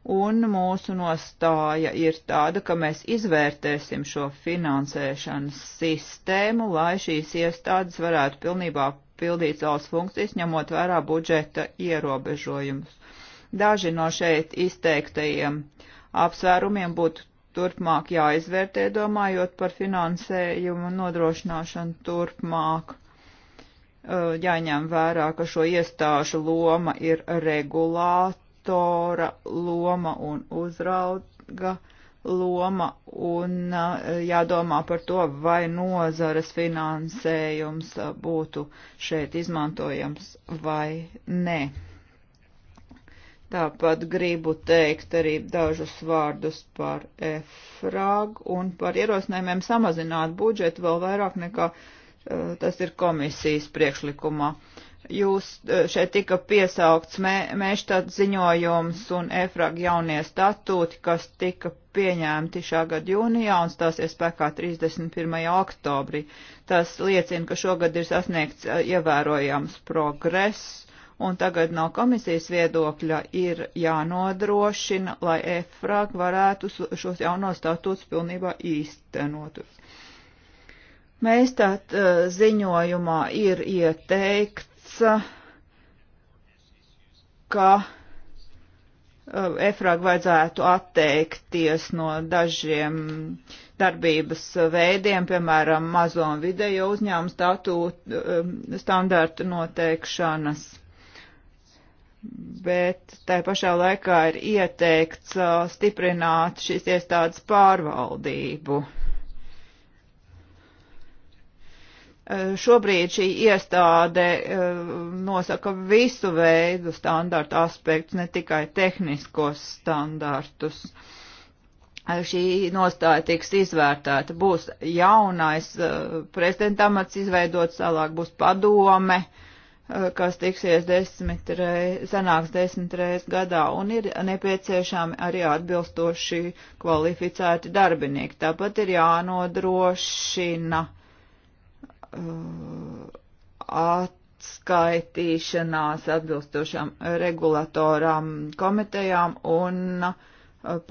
A: un mūsu nostāja ir tāda, ka mēs izvērtēsim šo finansēšanas sistēmu, lai šīs iestādes varētu pilnībā pildīt savas funkcijas, ņemot vērā budžeta ierobežojumus. Daži no šeit izteiktajiem apsvērumiem būtu turpmāk jāizvērtē, domājot par finansējumu nodrošināšanu turpmāk jāņem vērā, ka šo iestāžu loma ir regulāt, autora loma un uzrauga loma un eh, jādomā par to, vai nozares finansējums eh, būtu šeit izmantojams vai nē. Tāpat gribu teikt arī dažus vārdus par EFRAG un par ierosinājumiem samazināt budžetu vēl vairāk nekā eh, tas ir komisijas priekšlikumā. Uh, Jūs e, šeit tika piesaukts mē, mēžtat ziņojums un EFRAG jaunie statūti, kas tika pieņemti šā gada jūnijā un stāsies spēkā 31. oktobrī. Tas liecina, ka šogad ir sasniegts e, ievērojams progress un tagad no komisijas viedokļa ir jānodrošina, lai EFRAG varētu šos jaunos statūtus pilnībā īstenot. Mēs tāt e, ziņojumā ir ieteikt Uh, ka uh, EFRAG vajadzētu atteikties no dažiem darbības veidiem, piemēram, mazo un vidējo uzņēmumu statūtu um, standārtu noteikšanas. Bet tai pašā laikā ir ieteikts uh, stiprināt šīs iestādes pārvaldību. Eh, šobrīd šī iestāde eh, nosaka visu veidu standartu aspektus, ne tikai tehniskos standartus. Eh, šī nostāja tiks izvērtēta. Būs jaunais prezidentamats izveidots, tālāk būs padome, kas tiksies desmit reiz, sanāks desmit reiz gadā, un ir nepieciešami arī atbilstoši kvalificēti darbinieki. Tāpat ir jānodrošina Uh, atskaitīšanās atbilstošām regulatorām komitejām un uh,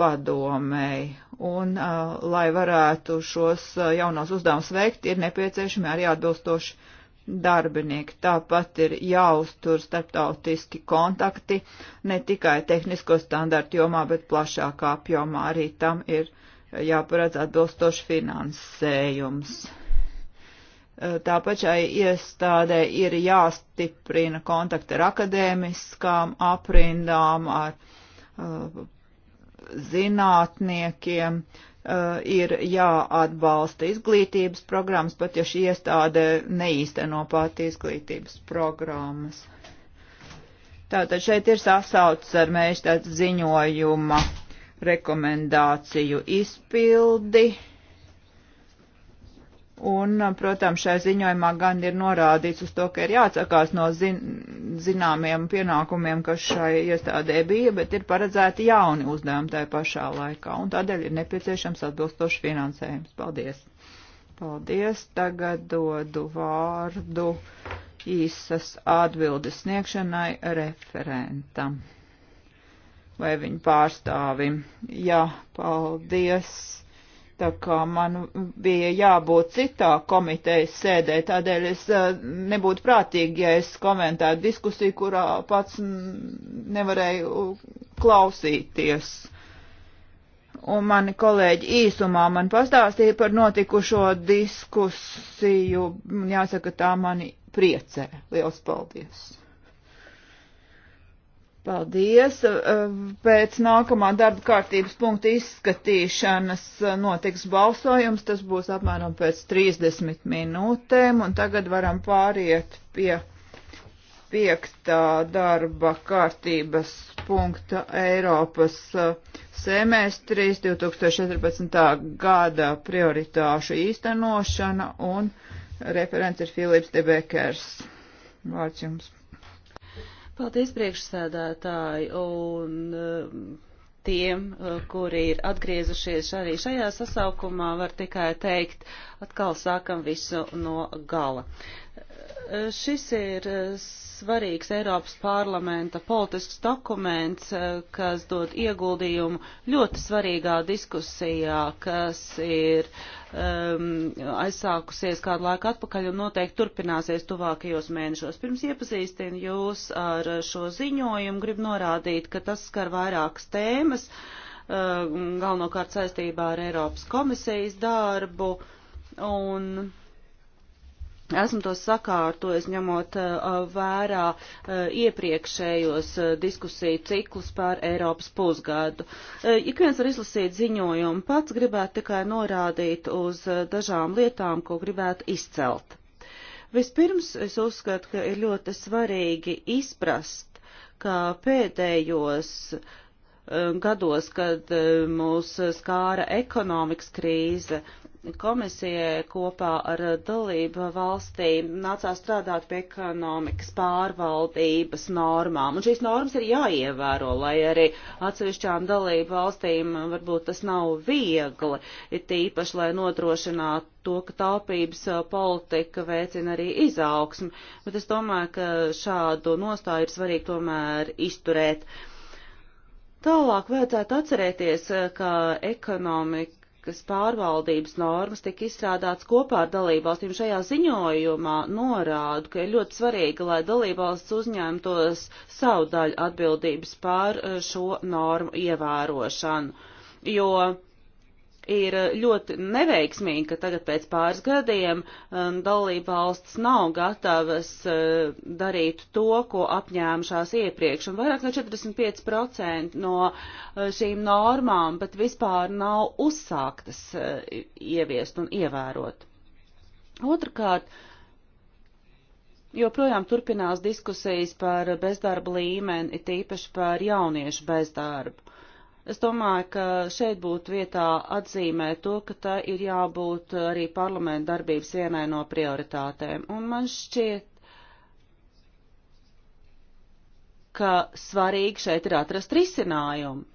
A: padomēji. Un, uh, lai varētu šos jaunos uzdevumus veikt, ir nepieciešami arī atbilstoši darbinieki. Tāpat ir jāuztur starptautiski kontakti ne tikai tehnisko standartu jomā, bet plašākā apjomā arī tam ir jāparedz atbilstoši finansējums. Tāpat šai iestādē ir jāstiprina kontakti ar akadēmiskām aprindām, ar uh, zinātniekiem, uh, ir jāatbalsta izglītības programmas, pat ja šī iestāde neīsteno pati izglītības programmas. Tātad šeit ir sasaucis ar mēģināt ziņojuma rekomendāciju izpildi Un, protams, šai ziņojumā gan ir norādīts uz to, ka ir jāatsakās no zin zināmiem pienākumiem, kas šai iestādē bija, bet ir paredzēti jauni uzdevumi tajā pašā laikā, un tādēļ ir nepieciešams atbilstošs finansējums. Paldies! Paldies! Tagad dodu vārdu īsas atbildes sniegšanai referentam vai viņu pārstāvim. Jā, paldies! Tā kā man bija jābūt citā komitejas sēdē, tādēļ es eh, nebūtu prātīgi, ja es komentētu diskusiju, kurā pats nevarēju klausīties. Un mani kolēģi īsumā man pastāstīja par notikušo diskusiju. Jāsaka, tā mani priecē. Liels paldies! Paldies! Ehm, pēc nākamā darba kārtības punkta izskatīšanas eh, notiks balsojums. Tas būs apmēram pēc 30 minūtēm, un tagad varam pāriet pie piektā darba kārtības punkta Eiropas eh, semestris 2014. gada prioritāšu īstenošana, un referents ir Filips Debekers. Vārds jums!
C: Paldies priekšsēdētāji un eh, tiem, eh, kuri ir atgriezušies arī šajā sasaukumā, var tikai teikt, atkal sākam visu no gala. Eh, šis ir svarīgs Eiropas parlamenta politisks dokuments, eh, kas dod ieguldījumu ļoti svarīgā diskusijā, kas ir um, aizsākusies kādu laiku atpakaļ un noteikti turpināsies tuvākajos mēnešos. Pirms iepazīstinu jūs ar šo ziņojumu, gribu norādīt, ka tas skar vairākas tēmas, um, galvenokārt saistībā ar Eiropas komisijas darbu. Un Esmu to sakārtojis, ņemot vērā iepriekšējos diskusiju ciklus par Eiropas pusgadu. Ik viens var izlasīt ziņojumu, pats gribētu tikai norādīt uz dažām lietām, ko gribētu izcelt. Vispirms es uzskatu, ka ir ļoti svarīgi izprast, ka pēdējos gados, kad mūs skāra ekonomikas krīze, komisijai kopā ar dalību valstīm nācās strādāt pie ekonomikas pārvaldības normām. Un šīs normas ir jāievēro, lai arī atsevišķām dalību valstīm varbūt tas nav viegli, ir tīpaši, lai nodrošinātu to, ka taupības politika veicina arī izaugsmu. Bet es domāju, ka šādu nostāju ir svarīgi tomēr izturēt. Tālāk vajadzētu atcerēties, ka ekonomika kas pārvaldības normas tika izstrādāts kopā ar dalībvalstīm. Šajā ziņojumā norādu, ka ir ļoti svarīgi, lai dalībvalsts uzņemtos savu daļu atbildības pār eh, šo normu ievērošanu, jo ir eh, ļoti neveiksmīgi, ka tagad pēc pāris gadiem um, dalība valsts nav gatavas uh, darīt to, ko apņēmušās iepriekš. Un vairāk no 45% no uh, eh, šīm normām pat vispār nav uzsāktas uh, ieviest un ievērot. Otrakārt, joprojām turpinās diskusijas par bezdarba līmeni, tīpaši par jauniešu bezdarbu Es domāju, ka šeit būtu vietā atzīmēt to, ka tā ir jābūt arī parlamenta darbības vienai no prioritātēm. Un man šķiet, ka svarīgi šeit ir atrast risinājumu.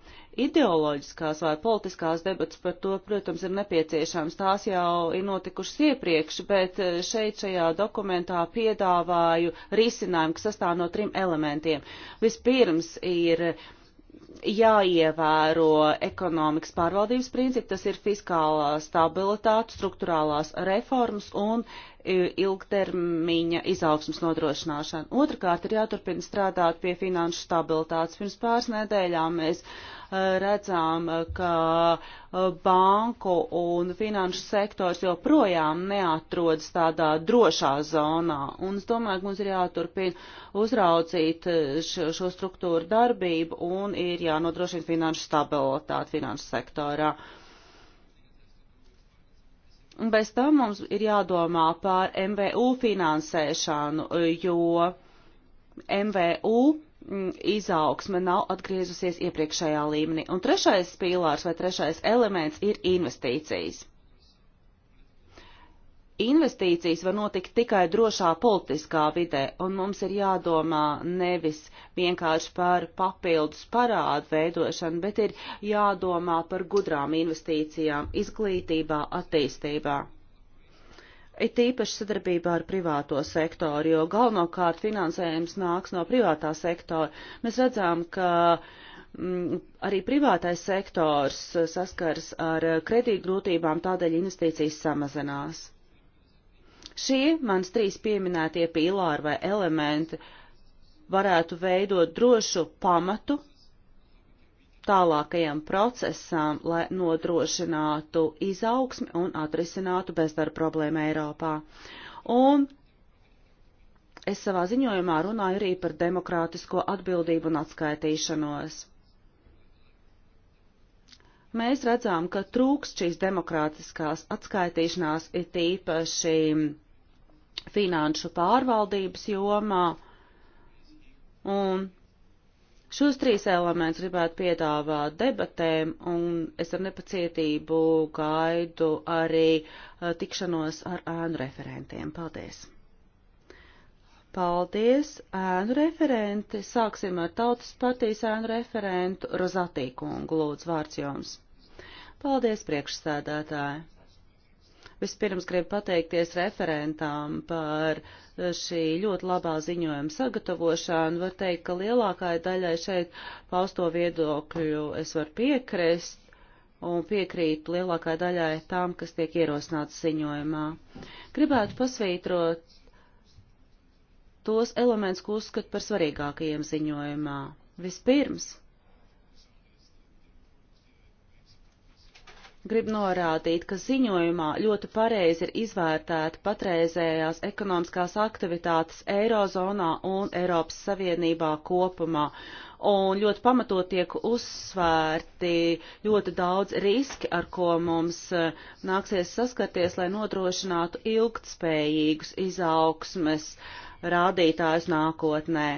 C: Ideoloģiskās vai politiskās debats par to, protams, ir nepieciešams. Tās jau ir notikušas iepriekš, bet šeit šajā dokumentā piedāvāju risinājumu, kas sastāv no trim elementiem. Vispirms ir uh, jāievēro ekonomikas pārvaldības principi, tas ir fiskālā stabilitāte, struktūrālās reformas un ilgtermiņa izaugsmas nodrošināšana. Otrakārt ir jāturpina strādāt pie finanšu stabilitātes. Pirms pāris nedēļām mēs uh, redzam, ka e, banku un finanšu sektors joprojām neatrodas tādā drošā zonā. Un es domāju, ka mums ir jāturpina uzraucīt e, šo, šo struktūru darbību un ir jānodrošina finanšu stabilitāti finanšu sektorā. Un bez tam mums ir jādomā par MVU finansēšanu, jo MVU Mm, izaugsme nav atgriezusies iepriekšējā līmenī. Un trešais pīlārs vai trešais elements ir investīcijas. Investīcijas var notikt tikai drošā politiskā vidē, un mums ir jādomā nevis vienkārši par papildus parādu veidošanu, bet ir jādomā par gudrām investīcijām izglītībā, attīstībā. It īpaši sadarbībā ar privāto sektoru, jo galvenokārt finansējums nāks no privātā sektora. Mēs redzam, ka mm, arī privātais sektors eh, saskars ar eh, kredītgrūtībām, tādēļ investīcijas samazinās. Šie mans trīs pieminētie pīlāri vai elementi varētu veidot drošu pamatu tālākajam procesam, lai nodrošinātu izaugsmi un atrisinātu bezdarba problēmu Eiropā. Un es savā ziņojumā runāju arī par demokrātisko atbildību un atskaitīšanos. Mēs redzam, ka trūks šīs demokrātiskās atskaitīšanās ir tīpaši finanšu pārvaldības jomā, un Šos trīs elementus gribētu piedāvāt debatēm, un es ar nepacietību gaidu arī uh, tikšanos ar ēnu referentiem. Paldies! Paldies, ēnu referenti! Sāksim ar Tautas partijas ēnu referentu Rozatīkungu. Lūdzu, vārds jums! Paldies, priekšsēdētāji! Vispirms gribu pateikties referentām par šī ļoti labā ziņojuma sagatavošanu. Var teikt, ka lielākai daļai šeit pausto viedokļu es varu piekrist un piekrītu lielākai daļai tām, kas tiek ierosināts ziņojumā. Gribētu pasvītrot tos elements, ko uzskat par svarīgākajiem ziņojumā. Vispirms Gribu norādīt, ka ziņojumā ļoti pareizi ir izvērtēta patreizējās ekonomiskās aktivitātes Eirozonā un Eiropas Savienībā kopumā. Un ļoti pamatot tiek uzsvērti ļoti daudz riski, ar ko mums e, nāksies saskarties, lai nodrošinātu ilgtspējīgus izaugsmes rādītājus nākotnē.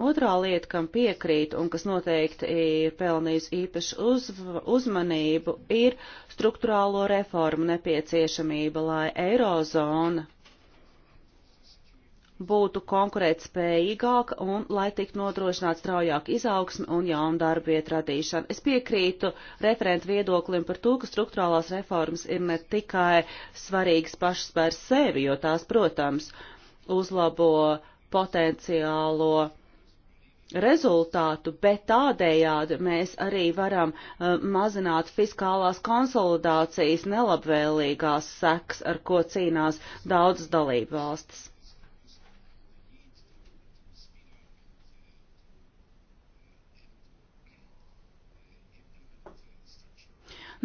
C: Otrā lieta, kam piekrīt un kas noteikti ir pelnījusi īpašu uz, uzmanību, ir struktūrālo reformu nepieciešamība, lai eirozona būtu konkurētspējīgāka un lai tiktu nodrošināts straujāk izaugsme un jaunu darbu vietu radīšana. Es piekrītu referentu viedoklim par to, ka struktūrālās reformas ir ne tikai svarīgas pašas par sevi, jo tās, protams, uzlabo potenciālo rezultātu, bet tādējādi mēs arī varam uh, mazināt fiskālās konsolidācijas nelabvēlīgās seks, ar ko cīnās daudzas dalību valstis.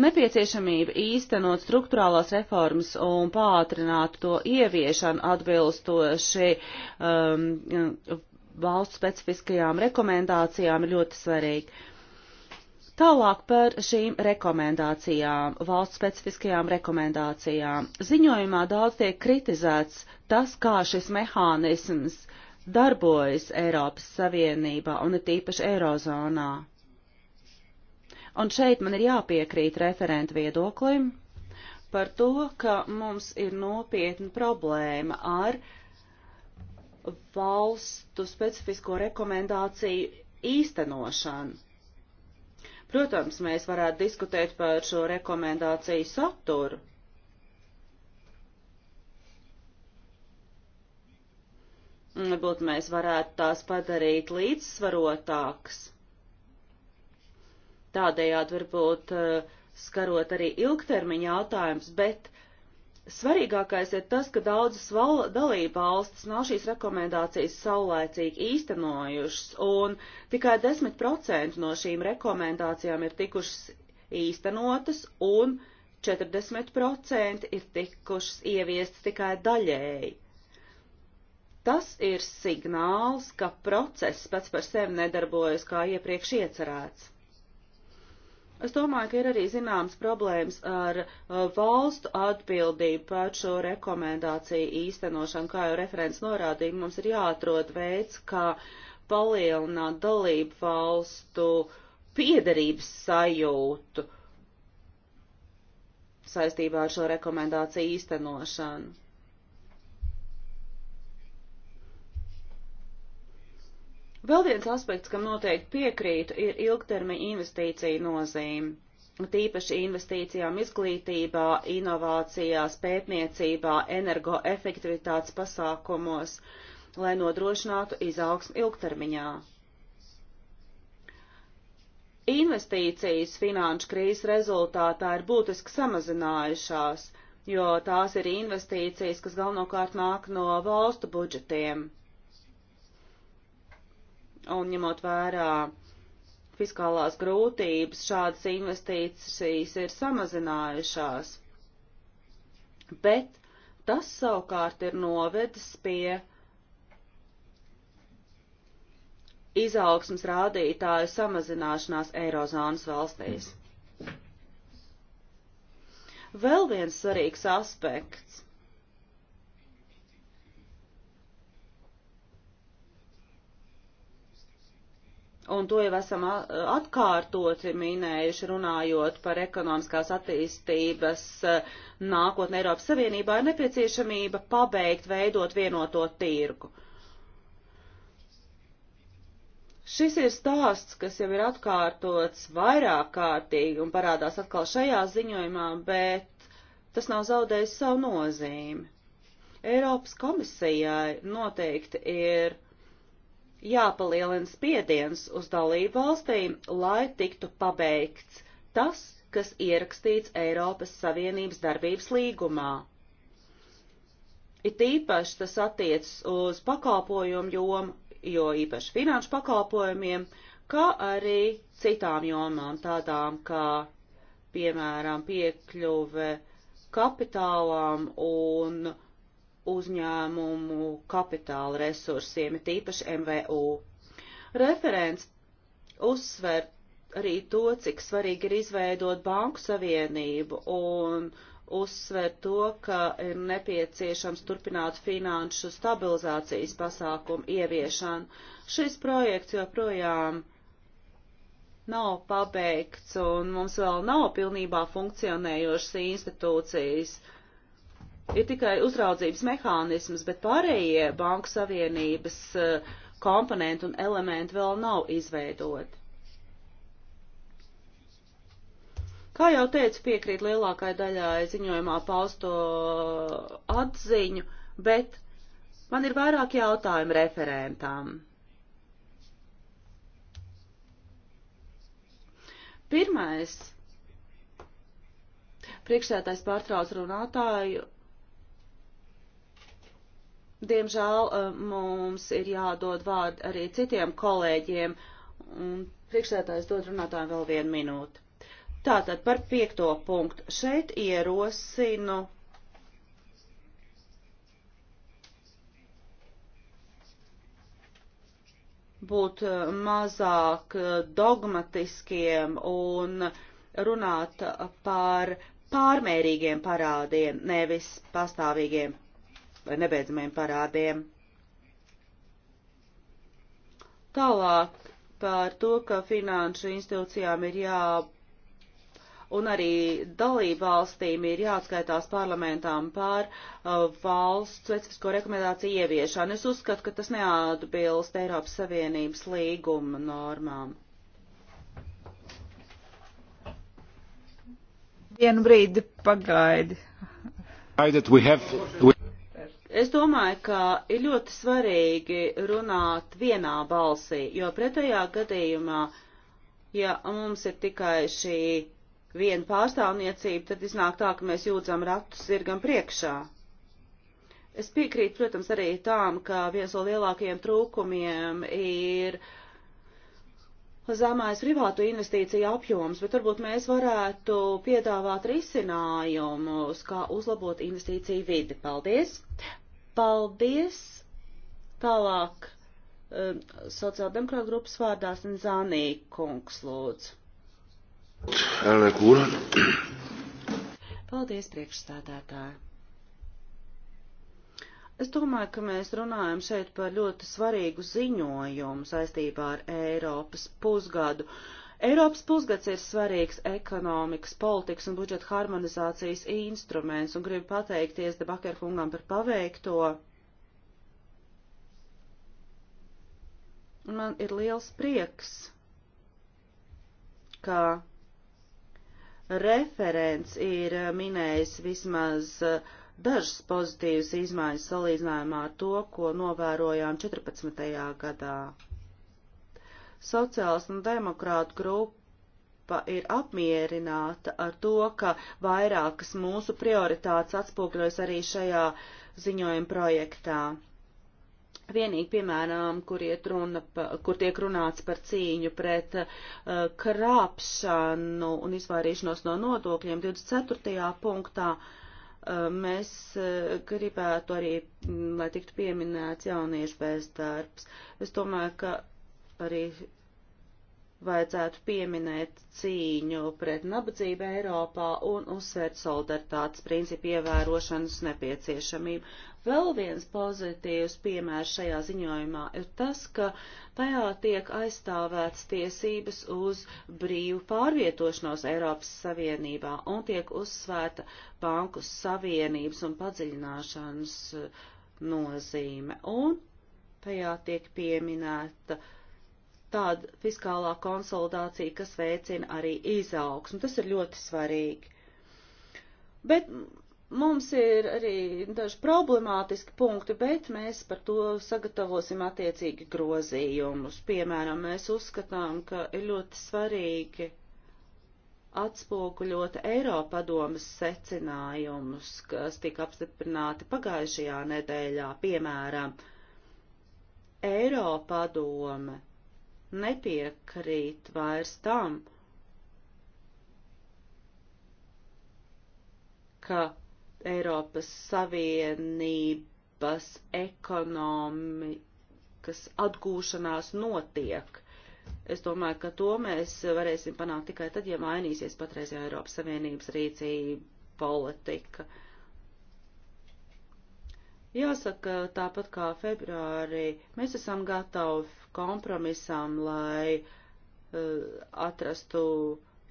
C: Nepieciešamība īstenot struktūrālās reformas un pātrināt to ieviešanu atbilstoši um, valsts specifiskajām rekomendācijām ir ļoti svarīgi. Tālāk par šīm rekomendācijām, valsts specifiskajām rekomendācijām. Ziņojumā daudz tiek kritizēts tas, kā šis mehānisms darbojas Eiropas Savienībā un ir tīpaši Eirozonā. Un šeit man ir jāpiekrīt referentu viedoklim par to, ka mums ir nopietna problēma ar uh, valstu specifisko rekomendāciju īstenošanu. Protams, mēs varētu diskutēt par šo rekomendāciju saturu. Varbūt mēs varētu tās padarīt līdzsvarotākas. Tādējādi varbūt eh, skarot arī ilgtermiņa jautājums, bet Svarīgākais ir tas, ka daudzas dalība valstis nav šīs rekomendācijas saulēcīgi īstenojušas, un tikai 10% no šīm rekomendācijām ir tikušas īstenotas, un 40% ir tikušas ieviestas tikai daļēji. Tas ir signāls, ka process pats par sevi nedarbojas kā iepriekš iecerēts. Es domāju, ka ir arī zināmas problēmas ar uh, valstu atbildību par šo rekomendāciju īstenošanu. Kā jau referents norādīja, mums ir jāatrod veids, kā palielināt dalību valstu piederības sajūtu saistībā ar šo rekomendāciju īstenošanu. Vēl viens aspekts, kam noteikti piekrītu, ir ilgtermiņa investīcija nozīme. Tīpaši investīcijām izglītībā, inovācijās, pētniecībā, energoefektivitātes pasākumos, lai nodrošinātu izaugsmu ilgtermiņā. Investīcijas finanšu krīzes rezultātā ir būtiski samazinājušās, jo tās ir investīcijas, kas galvenokārt nāk no valstu budžetiem un ņemot vērā fiskālās grūtības, šādas investīcijas ir samazinājušās. Bet tas savukārt ir novedis pie izaugsmas rādītāju samazināšanās Eirozonas valstīs. Vēl viens svarīgs aspekts un to jau esam atkārtoti minējuši, runājot par ekonomiskās attīstības nākotnē Eiropas Savienībā, ir nepieciešamība pabeigt veidot vienoto tirgu. Šis ir stāsts, kas jau ir atkārtots vairāk kārtīgi un parādās atkal šajā ziņojumā, bet tas nav zaudējis savu nozīmi. Eiropas komisijai noteikti ir jāpalielina spiediens uz dalību valstīm, lai tiktu pabeigts tas, kas ierakstīts Eiropas Savienības darbības līgumā. It īpaši tas attiecas uz pakalpojumu jomu, jo īpaši finanšu pakalpojumiem, kā arī citām jomām, tādām kā, piemēram, piekļuve kapitālām un uzņēmumu kapitāla resursiem, tīpaši MVU. Referents uzsver arī to, cik svarīgi ir izveidot banku savienību un uzsver to, ka ir nepieciešams turpināt finanšu stabilizācijas pasākumu ieviešanu. Šis projekts joprojām nav pabeigts un mums vēl nav pilnībā funkcionējošas institūcijas. Uh, ir tikai uzraudzības mehānisms, bet pārējie banku savienības eh, komponenti un elementi vēl nav izveidoti. Kā jau teicu, piekrīt lielākai daļai ziņojumā pausto atziņu, bet man ir vairāk jautājumu referentām. Pirmais. Priekšsētājs pārtrauc runātāju Diemžēl eh, mums ir jādod vārdu arī citiem kolēģiem, un priekšsētājs dod runātājiem vēl vienu minūti. Tātad par piekto punktu. Šeit ierosinu. būt eh, mazāk eh, dogmatiskiem un runāt par pārmērīgiem parādiem, nevis pastāvīgiem vai nebeidzamiem parādiem. Tālāk par to, ka finanšu institūcijām ir jā un arī dalību valstīm ir jāatskaitās parlamentām par uh, valsts specifisko rekomendāciju ieviešanu. Es uzskatu, ka tas neatbilst Eiropas Savienības līguma normām. Vienu brīdi pagaidi.
A: That we have, we
C: Es domāju, ka ir ļoti svarīgi runāt vienā balsī, jo pretējā gadījumā, ja mums ir tikai šī viena pārstāvniecība, tad iznāk tā, ka mēs jūdzam ratus sirgam priekšā. Es piekrītu, protams, arī tām, ka viens no lielākajiem trūkumiem ir zemais privātu investīciju apjoms, bet varbūt mēs varētu piedāvāt risinājumus, kā uzlabot investīciju vidi. Paldies! Paldies! Tālāk um, sociāldemokrāta grupas vārdā Zānī kungs lūdzu. Elnök úr! Paldies, priekšstādātāji! Es domāju, ka mēs runājam šeit par ļoti svarīgu ziņojumu saistībā ar Eiropas pusgadu. Uh, Eiropas pusgads ir svarīgs ekonomikas, politikas un budžeta harmonizācijas instruments, un gribu pateikties Debaker kungam par paveikto. Man ir liels prieks, ka referents ir minējis vismaz eh, dažas pozitīvas izmaiņas salīdzinājumā ar to, ko novērojām 14. gadā. Sociāls un demokrāta grupa ir apmierināta ar to, ka vairākas mūsu prioritātes atspūgļojas arī šajā ziņojuma projektā. Vienīgi, piemēram, kur, runa, kur tiek runāts par cīņu pret uh, krāpšanu un izvairīšanos no nodokļiem, 24. punktā uh, mēs uh, gribētu arī, m, mm, lai tiktu pieminēts jauniešu bezdarbs. Es domāju, ka arī vajadzētu pieminēt cīņu pret nabadzību Eiropā un uzsvērt solidaritātes principu ievērošanas nepieciešamību. Vēl viens pozitīvs piemērs šajā ziņojumā ir tas, ka tajā tiek aizstāvēts tiesības uz brīvu pārvietošanos Eiropas Savienībā un tiek uzsvērta banku savienības un padziļināšanas uh, nozīme. Un tajā tiek pieminēta uh, tāda fiskālā konsolidācija, kas veicina arī izaugsmu. Tas ir ļoti svarīgi. Bet mums ir arī daži problemātiski punkti, bet mēs par to sagatavosim attiecīgi grozījumus. Piemēram, mēs uzskatām, ka ir ļoti svarīgi atspoguļot Eiropadomas secinājumus, kas tika apstiprināti pagājušajā nedēļā, piemēram, Eiropadome nepiekrīt vairs tam, ka Eiropas Savienības ekonomikas atgūšanās notiek. Es domāju, ka to mēs varēsim panākt tikai tad, ja mainīsies patreizējā Eiropas Savienības rīcība politika. Uh, Jāsaka, tāpat kā februārī, mēs esam gatavi kompromisam, lai uh, atrastu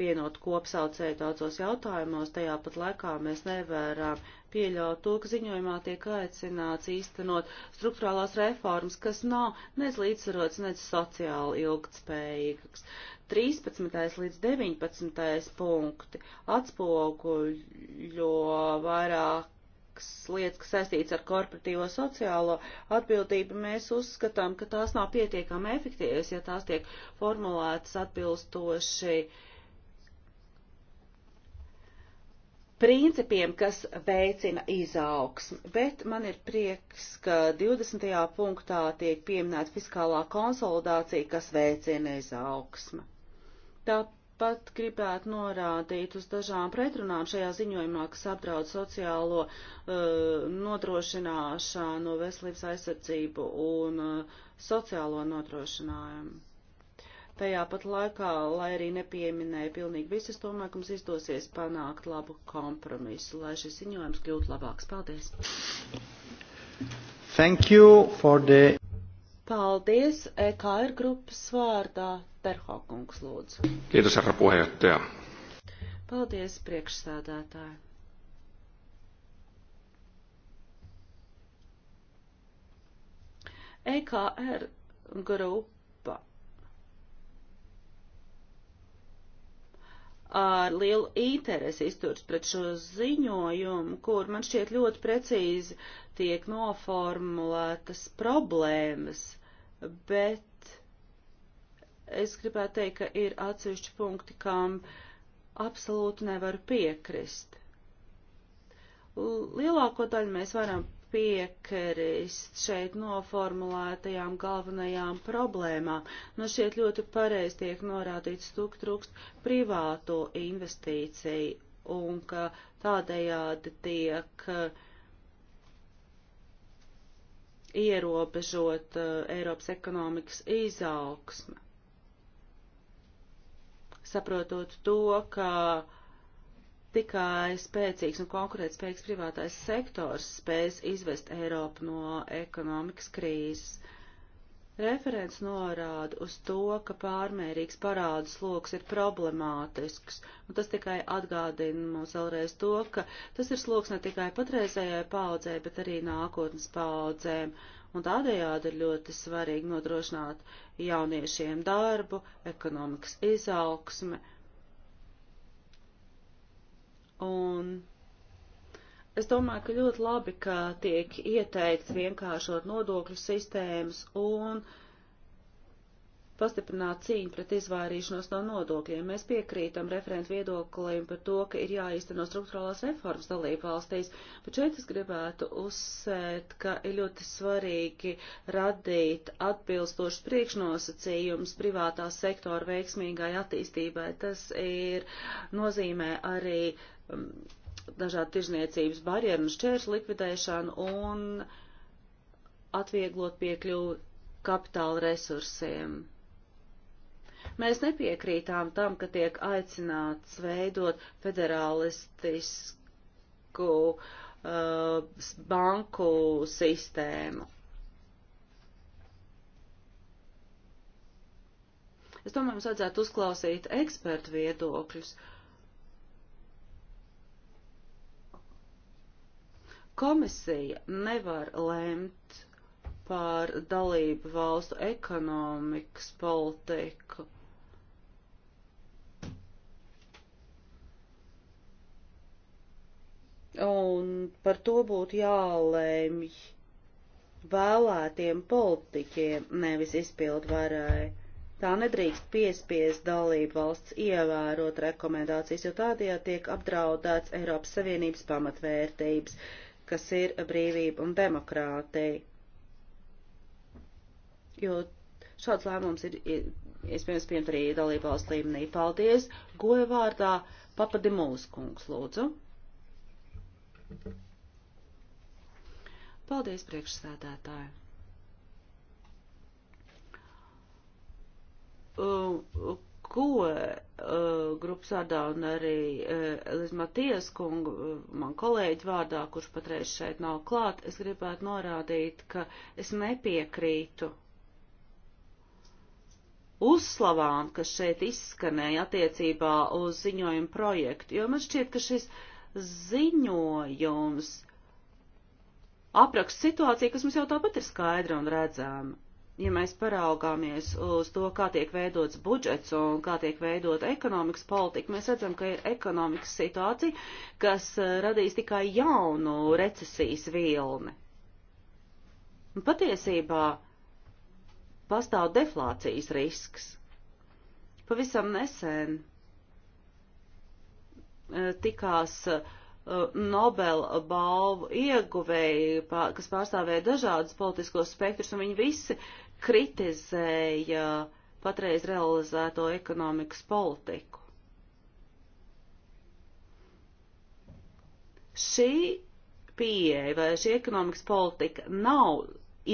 C: vienot kopsaucēju daudzos jautājumos, tajā pat laikā mēs nevaram pieļaut to, ka ziņojumā tiek aicināts īstenot struktūrālās reformas, kas nav nec līdzsvarots, nec sociāli ilgtspējīgs. 13. līdz 19. punkti atspoguļo vairāk lietas, kas saistīts ar korporatīvo sociālo atbildību, mēs uzskatām, ka tās nav pietiekami efektīvas, ja tās tiek formulētas atbilstoši principiem, kas veicina izaugsmu. Bet man ir prieks, ka 20. punktā tiek pieminēta fiskālā konsolidācija, kas veicina izaugsmu. Tāpēc Tāpat gribētu norādīt uz dažām pretrunām šajā ziņojumā, kas apdraud sociālo uh, nodrošināšanu, veselības aizsardzību un uh, sociālo nodrošinājumu. Tajā pat laikā, lai arī nepieminēja pilnīgi visas, tomēr mums izdosies panākt labu kompromisu, lai šis ziņojums kļūtu labāks. Paldies!
B: Thank you for the...
C: Paldies EKR er grupas vārdā. Perhokungs lūdzu. Kiitos, herra puheenjohtaja. Paldies, priekšsādātāji. EKR grupa ar lielu interesi izturs pret šo ziņojumu, kur man šķiet ļoti precīzi tiek noformulētas problēmas, bet es gribētu teikt, ka ir atsevišķi punkti, kam absolūti nevaru piekrist. Lielāko daļu mēs varam piekrist šeit noformulētajām galvenajām problēmām. Nu, šeit ļoti pareizi tiek norādīts, ka trūkst privāto investīciju un ka tādējādi tiek uh, ierobežot uh, Eiropas ekonomikas izaugsme saprotot to, ka tikai spēcīgs un konkurētspējīgs privātais sektors spēs izvest Eiropu no ekonomikas krīzes. Referents norāda uz to, ka pārmērīgs parādu sloks ir problemātisks, un tas tikai atgādina mums vēlreiz to, ka tas ir sloks ne tikai patreizējai paudzē, bet arī nākotnes paudzēm, un tādējādi ir ļoti svarīgi nodrošināt jauniešiem darbu, ekonomikas izaugsmi. Un es domāju, ka ļoti labi, ka tiek ieteikts vienkāršot nodokļu sistēmas un uh, pastiprināt cīņu pret izvairīšanos no nodokļiem. Mēs piekrītam referentu viedoklim par to, ka ir jāīsteno struktūrālās reformas dalību valstīs, bet šeit es gribētu uzsvērt, ka ir ļoti svarīgi radīt atbilstošas priekšnosacījumus privātā sektora veiksmīgai attīstībai. Tas ir nozīmē arī um, dažādu tirzniecības barjeru un šķēršu likvidēšanu un atvieglot piekļuvu kapitāla resursiem. Mēs nepiekrītām tam, ka tiek aicināts veidot federalistisku uh, banku sistēmu. Es domāju, mums vajadzētu uzklausīt ekspertu viedokļus. Komisija nevar lemt par dalību valstu ekonomikas politiku. un par to būtu jālēmj vēlētiem politiķiem, nevis izpildvarai. Tā nedrīkst piespiest dalību valsts ievērot rekomendācijas, jo tādējādi tiek apdraudēts Eiropas Savienības pamatvērtības, kas ir brīvība un demokrātija. Jo šāds lēmums ir iespējams pieņemt arī dalību valsts līmenī. Paldies! Goja vārdā papadi mūsu kungs, lūdzu! Paldies, priekšsēdētāji! Uh, ko uh, grupas vārdā un arī uh, Liz Matijas kungu, uh, man kolēģi vārdā, kurš patreiz šeit nav klāt, es gribētu norādīt, ka es nepiekrītu uzslavām, kas šeit izskanēja attiecībā uz ziņojumu projektu, jo man šķiet, ka šis uh, ziņojums apraksta situāciju, kas mums jau tāpat ir skaidra un redzama. Ja mēs paraugāmies uz to, kā tiek veidots budžets un kā tiek veidot ekonomikas politika, mēs redzam, ka ir ekonomikas situācija, kas eh, radīs tikai jaunu recesijas vilni. Un patiesībā pastāv deflācijas risks. Pavisam nesen Eh, tikās eh, Nobela balvu ieguvēji, kas pārstāvēja dažādus politiskos spektrus, un viņi visi kritizēja patreiz realizēto ekonomikas politiku. Šī pieeja vai šī ekonomikas politika nav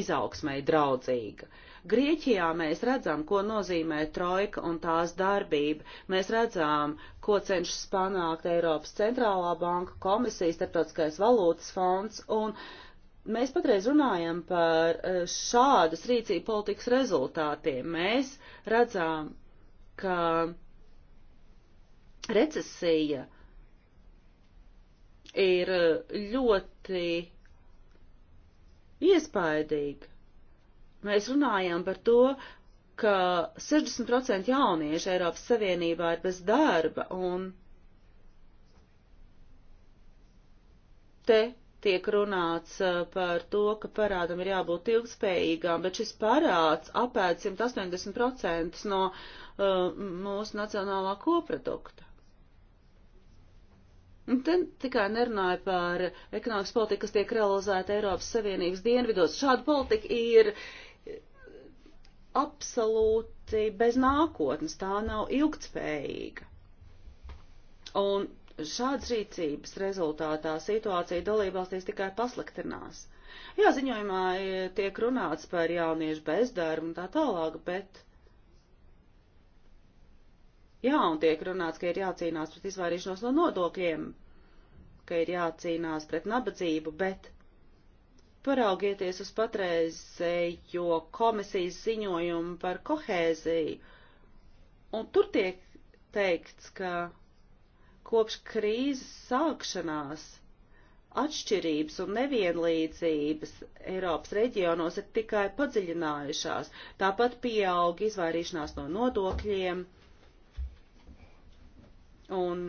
C: izaugsmai draudzīga. Uh, Grieķijā mēs redzam, ko nozīmē trojka un tās darbība. Mēs redzam, ko cenšas panākt Eiropas centrālā banka komisija, starptautiskais valūtas fonds un Mēs patreiz runājam par eh, šādas rīcība politikas rezultātiem. Mēs redzam, ka recesija ir eh, ļoti iespaidīga. Mēs runājam par to, ka 60% jauniešu Eiropas Savienībā ir bez darba, un te tiek runāts uh, par to, ka parādam ir jābūt ilgspējīgām, bet šis parāds apēd 180% no uh, mūsu nacionālā koprodukta. Un te tikai nerunāju par ekonomikas politiku, kas tiek realizēta Eiropas Savienības dienvidos. Šāda politika ir absolūti bez nākotnes, tā nav ilgtspējīga. Un šādas rīcības rezultātā situācija dalībvalstīs tikai pasliktinās. Jā, ziņojumā tiek runāts par jauniešu bezdarbu un tā tālāk, bet. Jā, un tiek runāts, ka ir jācīnās pret izvairīšanos no nodokļiem, ka ir jācīnās pret nabadzību, bet Paraugieties uz patreizējo komisijas ziņojumu par kohēziju, un tur tiek teikts, ka kopš krīzes sākšanās atšķirības un nevienlīdzības Eiropas reģionos ir tikai padziļinājušās, tāpat pieaug izvairīšanās no nodokļiem, un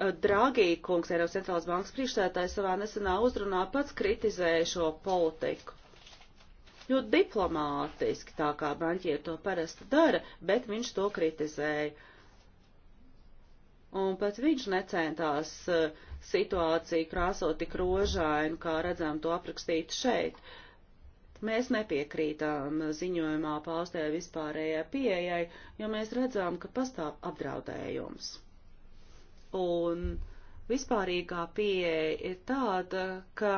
C: Eh, Dragī kungs, Eiropas centrālās bankas priekšsētājs, savā nesenā uzrunā pats kritizēja šo politiku. Ļoti diplomātiski, tā kā banķieri to parasti dara, bet viņš to kritizēja. Un pat viņš necentās eh, situāciju krāsot tik rožainu, kā redzam to aprakstīt šeit. Mēs nepiekrītām ziņojumā paustē vispārējai pieejai, jo mēs redzām, ka pastāv apdraudējums un vispārīgā pieeja ir tāda, ka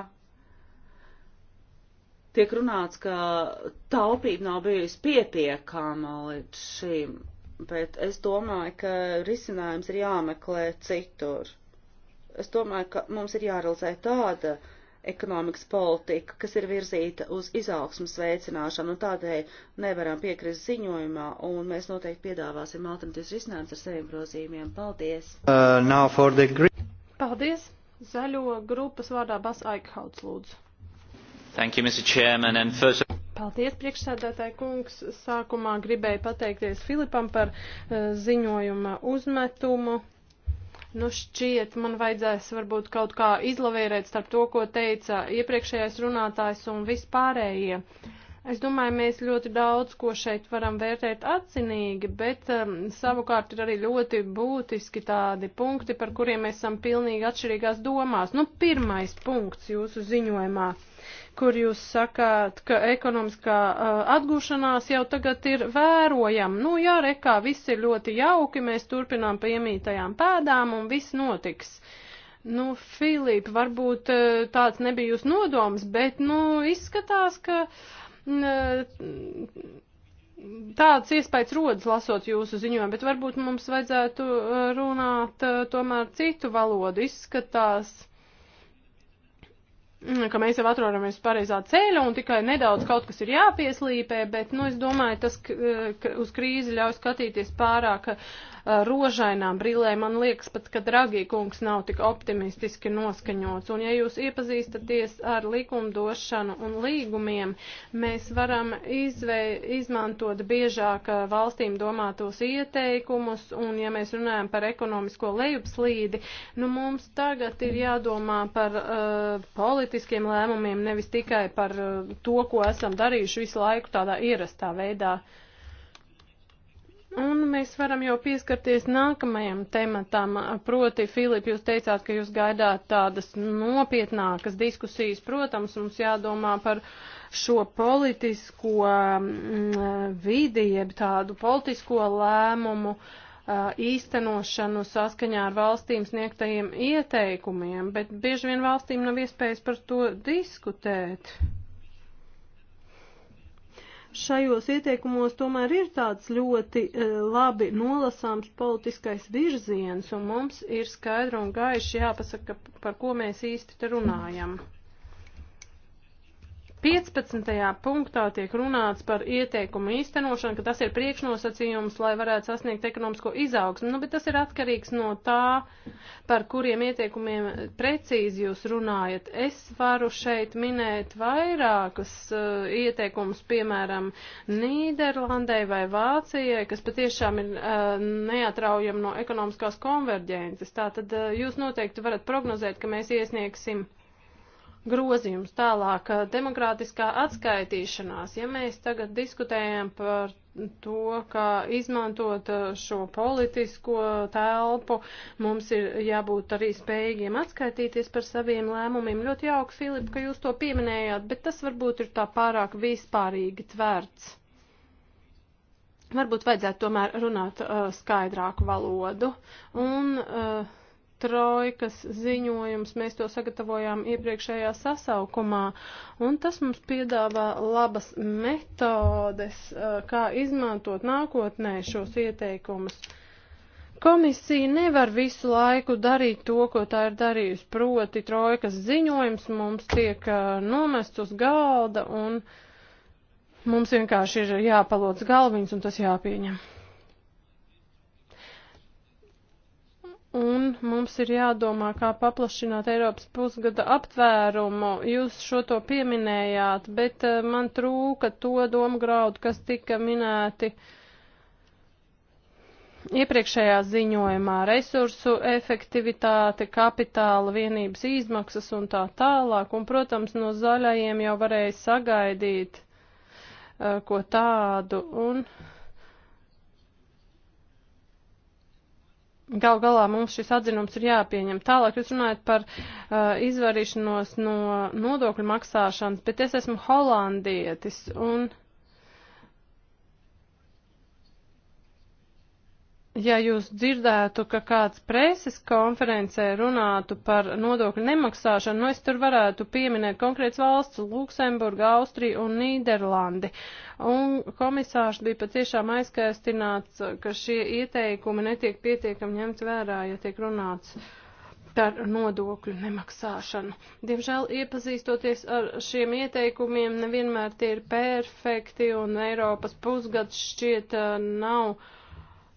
C: tiek runāts, ka taupība nav bijusi pietiekama līdz šim, bet es domāju, ka risinājums ir jāmeklē citur. Es domāju, ka mums ir jārealizē tāda uh, ekonomikas politiku, kas ir virzīta uz izaugsmas veicināšanu, un tādēļ nevaram piekrist ziņojumā, un mēs noteikti piedāvāsim alternatīvas risinājumus ar saviem grozījumiem. Paldies!
B: Uh, the...
C: Paldies! Zaļo
B: grupas vārdā Bas Aikhauts lūdzu.
A: Thank you, Mr. Chairman, and first...
B: Paldies, priekšsēdētāji kungs. Sākumā gribēju pateikties Filipam par uh, ziņojuma uzmetumu Nu šķiet, man vajadzēs varbūt kaut kā izlavierēt starp to, ko teica iepriekšējais runātājs un vispārējie. Es domāju, mēs ļoti daudz ko šeit varam vērtēt atzinīgi, bet um, savukārt ir arī ļoti būtiski tādi punkti, par kuriem mēs esam pilnīgi atšķirīgās domās. Nu, pirmais punkts jūsu ziņojumā. Uh, kur jūs sakāt, ka ekonomiskā uh, atgūšanās jau tagad ir vērojama. Nu, jā, rekā viss ir ļoti jauki, mēs turpinām piemītajām pēdām un viss notiks. Nu, Filip, varbūt uh, tāds nebija jūs nodoms, bet, nu, izskatās, ka. N, mm, uh, tāds iespējas rodas lasot jūsu ziņojumu, bet varbūt mums vajadzētu uh, runāt tomēr citu valodu. Izskatās, Mm, ka mēs jau atrodamies pareizā ceļa un tikai nedaudz kaut kas ir jāpieslīpē, bet, nu, es domāju, tas uz krīzi ļauj skatīties pārāk rožainām brillēm. Man liekas pat, ka Dragī kungs nav tik optimistiski noskaņots. Un ja jūs iepazīstaties ar likumdošanu un līgumiem, mēs varam izvei, izmantot biežāk valstīm domātos ieteikumus. Un ja mēs runājam par ekonomisko lejupslīdi, nu mums tagad ir jādomā par uh, politiskiem lēmumiem, nevis tikai par uh, to, ko esam darījuši visu laiku tādā ierastā veidā. Uh, Un mēs varam jau pieskarties nākamajam tematam, proti, Filip, jūs teicāt, ka jūs gaidāt tādas nopietnākas diskusijas. Protams, mums jādomā par šo politisko mm, vidi, jeb tādu politisko lēmumu īstenošanu saskaņā ar valstīm sniegtajiem ieteikumiem, bet bieži vien valstīm nav iespējas par to diskutēt šajos ieteikumos tomēr ir tāds ļoti e, labi nolasāms politiskais virziens, un mums ir skaidri un gaiši jāpasaka, par ko mēs īsti te runājam. 15. punktā tiek runāts par ieteikumu īstenošanu, ka tas ir priekšnosacījums, lai varētu sasniegt ekonomisko izaugsmu, nu, bet tas ir atkarīgs no tā, par kuriem ieteikumiem precīzi jūs runājat. Es varu šeit minēt vairākas uh, ieteikumus, piemēram, Nīderlandai vai Vācijai, kas patiešām ir uh, neatraujami no ekonomiskās konverģences. Tātad uh, jūs noteikti varat prognozēt, ka mēs iesniegsim grozījums tālāk, demokrātiskā atskaitīšanās. Ja mēs tagad diskutējam par to, kā izmantot šo politisko telpu, mums ir jābūt arī spējīgiem atskaitīties par saviem lēmumiem. Ļoti jauki, Filip, ka jūs to pieminējāt, bet tas varbūt ir tā pārāk vispārīgi tvērts. Varbūt vajadzētu tomēr runāt uh, skaidrāku valodu. Un, uh, trojkas ziņojums. Mēs to sagatavojām iepriekšējā sasaukumā, un tas mums piedāvā labas metodes, uh, kā izmantot nākotnē šos ieteikumus. Komisija nevar visu laiku darīt to, ko tā ir darījusi, proti trojkas ziņojums mums tiek uh, nomests uz galda un mums vienkārši ir jāpalodz galviņas un tas jāpieņem. Un mums ir jādomā, kā paplašināt Eiropas pusgada aptvērumu. Jūs šo to pieminējāt, bet eh, man trūka to domu graudu, kas tika minēti iepriekšējā ziņojumā - resursu efektivitāte, kapitāla vienības izmaksas un tā tālāk. Un, protams, no zaļajiem jau varēja sagaidīt uh, ko tādu. Un, uh, Gal galā mums šis atzinums ir jāpieņem. Tālāk jūs runājat par uh, izvarīšanos no nodokļu maksāšanas, bet es esmu holandietis un. Uh, ja jūs dzirdētu, ka kāds preses konferencē runātu par nodokļu nemaksāšanu, nu es tur varētu pieminēt konkrēts valsts - Luksemburga, Austrija un Nīderlandi. Un komisārs bija patiešām aizkaistināts, ka šie ieteikumi netiek pietiekami ņemt vērā, ja tiek runāts par nodokļu nemaksāšanu. Diemžēl iepazīstoties ar šiem ieteikumiem, nevienmēr tie ir perfekti un Eiropas pusgads šķiet eh, nav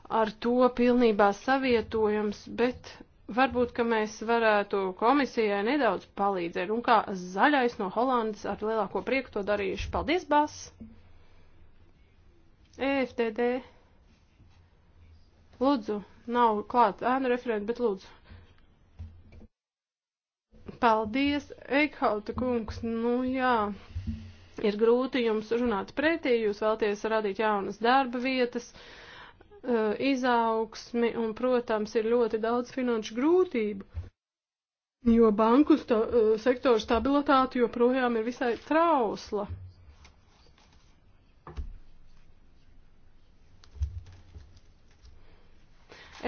B: ar to pilnībā savietojams, bet varbūt, ka mēs varētu komisijai nedaudz palīdzēt. Un kā zaļais no Holandas ar lielāko prieku to darījuši. Paldies, Bas! EFTD. Lūdzu, nav klāt ēnu referenti, bet lūdzu. Paldies, Eikhauta kungs. Nu jā, ir grūti jums runāt pretī, jūs vēlties radīt jaunas darba vietas. Uh, Eh, izaugsmi un, protams, ir ļoti daudz finanšu grūtību, jo banku sta eh, sektoru stabilitāte joprojām ir visai trausla.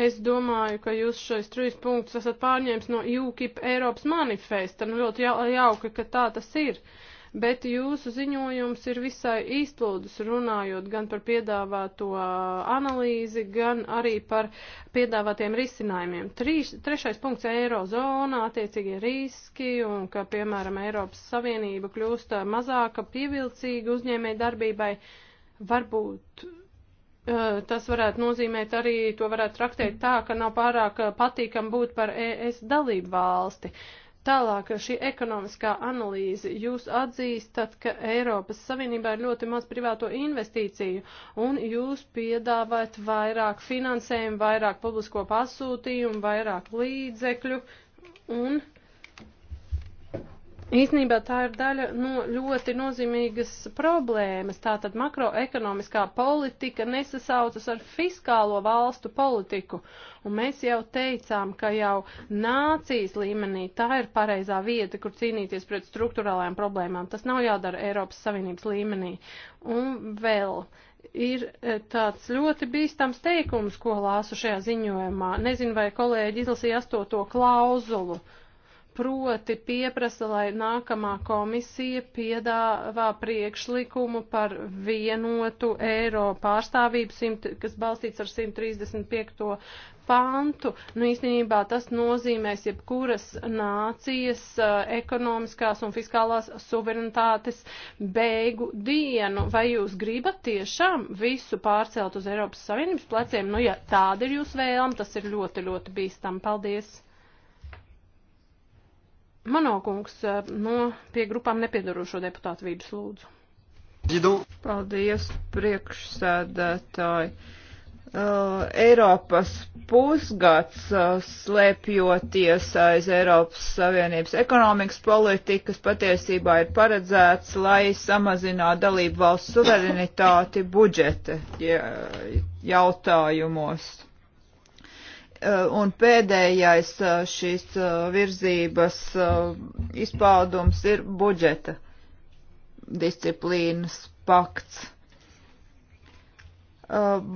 B: Es domāju, ka jūs šais trīs punktus esat pārņēmis no UKIP Eiropas manifesta. Nu, ļoti jauka, ka tā tas ir. Uh, bet jūsu ziņojums ir visai izplūdus runājot gan par piedāvāto analīzi, gan arī par piedāvātiem risinājumiem. Trīs, trešais punkts - eirozona, attiecīgie riski un ka, piemēram, Eiropas Savienība kļūst mazāka pievilcīga uzņēmē darbībai. Varbūt eh, tas varētu nozīmēt arī, to varētu traktēt tā, ka nav pārāk patīkam būt par ES dalību valsti. Uh, Tālāk šī ekonomiskā analīze. Jūs atzīstat, ka Eiropas Savienībā ir ļoti maz privāto investīciju, un jūs piedāvājat vairāk finansējumu, vairāk publisko pasūtījumu, vairāk līdzekļu, un Īsnībā tā ir daļa no ļoti nozīmīgas problēmas. Tātad makroekonomiskā politika nesasaucas ar fiskālo valstu politiku. Un mēs jau teicām, ka jau nācijas līmenī tā ir pareizā vieta, kur cīnīties pret struktūrālajām problēmām. Tas nav jādara Eiropas Savienības līmenī. Un vēl ir e, tāds ļoti bīstams teikums, ko lāsu šajā ziņojumā. Nezinu, vai kolēģi izlasīja astoto klauzulu. Uh, proti pieprasa, lai nākamā komisija piedāvā priekšlikumu par vienotu eiro pārstāvību, kas balstīts ar 135 pantu, nu īstenībā tas nozīmēs jebkuras nācijas eh, ekonomiskās un fiskālās suverenitātes beigu dienu. Vai jūs gribat tiešām visu pārcelt uz Eiropas Savienības pleciem? Nu, ja tāda ir jūsu vēlme, tas ir ļoti, ļoti bīstam. Paldies! Manokungs eh, no pie grupām nepiedarošo deputātu vīdus lūdzu.
A: Paldies, priekšsēdētāji. Uh, Eiropas pusgads uh, slēpjoties aiz Eiropas Savienības ekonomikas politikas patiesībā ir paredzēts, lai samazinātu dalību valsts suverenitāti budžeta jautājumos. Eh, un pēdējais eh, šīs eh, virzības izpaudums ir budžeta disciplīnas pakts.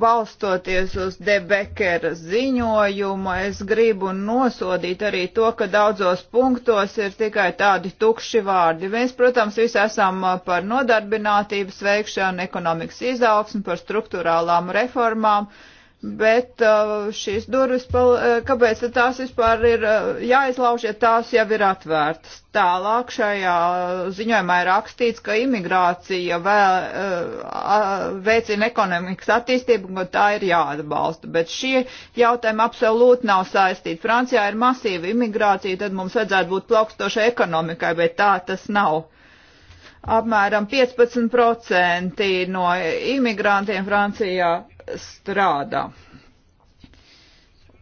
A: Balstoties uz Debekera ziņojumu, es gribu nosodīt arī to, ka daudzos punktos ir tikai tādi tukši vārdi. Mēs, protams, visi esam par nodarbinātības veikšanu, ekonomikas izaugsmu, par struktūrālām reformām, uh, Bet uh, šīs durvis, uh, kāpēc tās vispār ir uh, jāizlauž, ja tās jau ir atvērtas? Tālāk šajā ziņojumā ir rakstīts, ka imigrācija vēl veicina ekonomikas attīstību, un tā ir jāatbalsta. Bet šie jautājumi absolūti nav saistīti. Francijā ir masīva imigrācija, tad mums vajadzētu būt plaukstošai ekonomikai, bet tā tas nav apmēram 15% no imigrantiem Francijā strādā.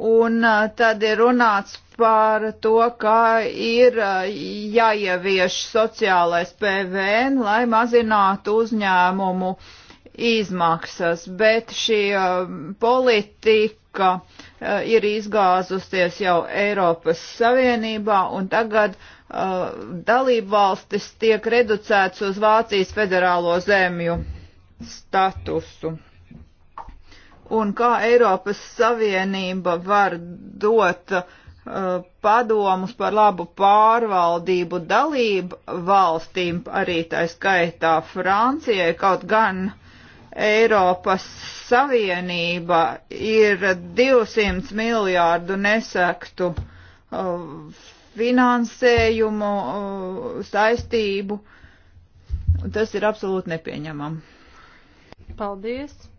A: Un tad ir runāts par to, ka ir jāievieš sociālais PVN, lai mazinātu uzņēmumu izmaksas, bet šī politika ir izgāzusies jau Eiropas Savienībā un tagad uh, dalību valstis tiek reducēts uz Vācijas federālo zemju statusu un kā Eiropas Savienība var dot uh, padomus par labu pārvaldību dalību valstīm, arī tā skaitā Francijai, kaut gan Eiropas Savienība ir 200 miljārdu nesektu uh, finansējumu uh, saistību. Tas ir absolūti nepieņemam. Paldies!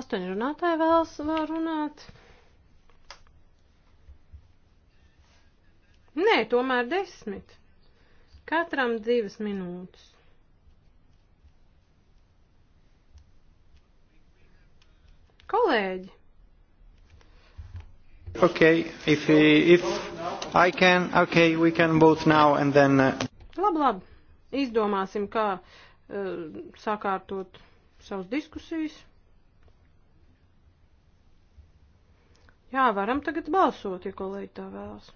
A: Astoņi runātāji vēlas vēl runāt.
B: Nē, tomēr desmit. Katram divas minūtes. Kolēģi. Okay, if, if I can, okay, we can vote now and then. Uh... Lab, lab. Izdomāsim, kā uh, sakārtot savas diskusijas. Jā, varam tagad balsot, ja kolēģi tā vēlas.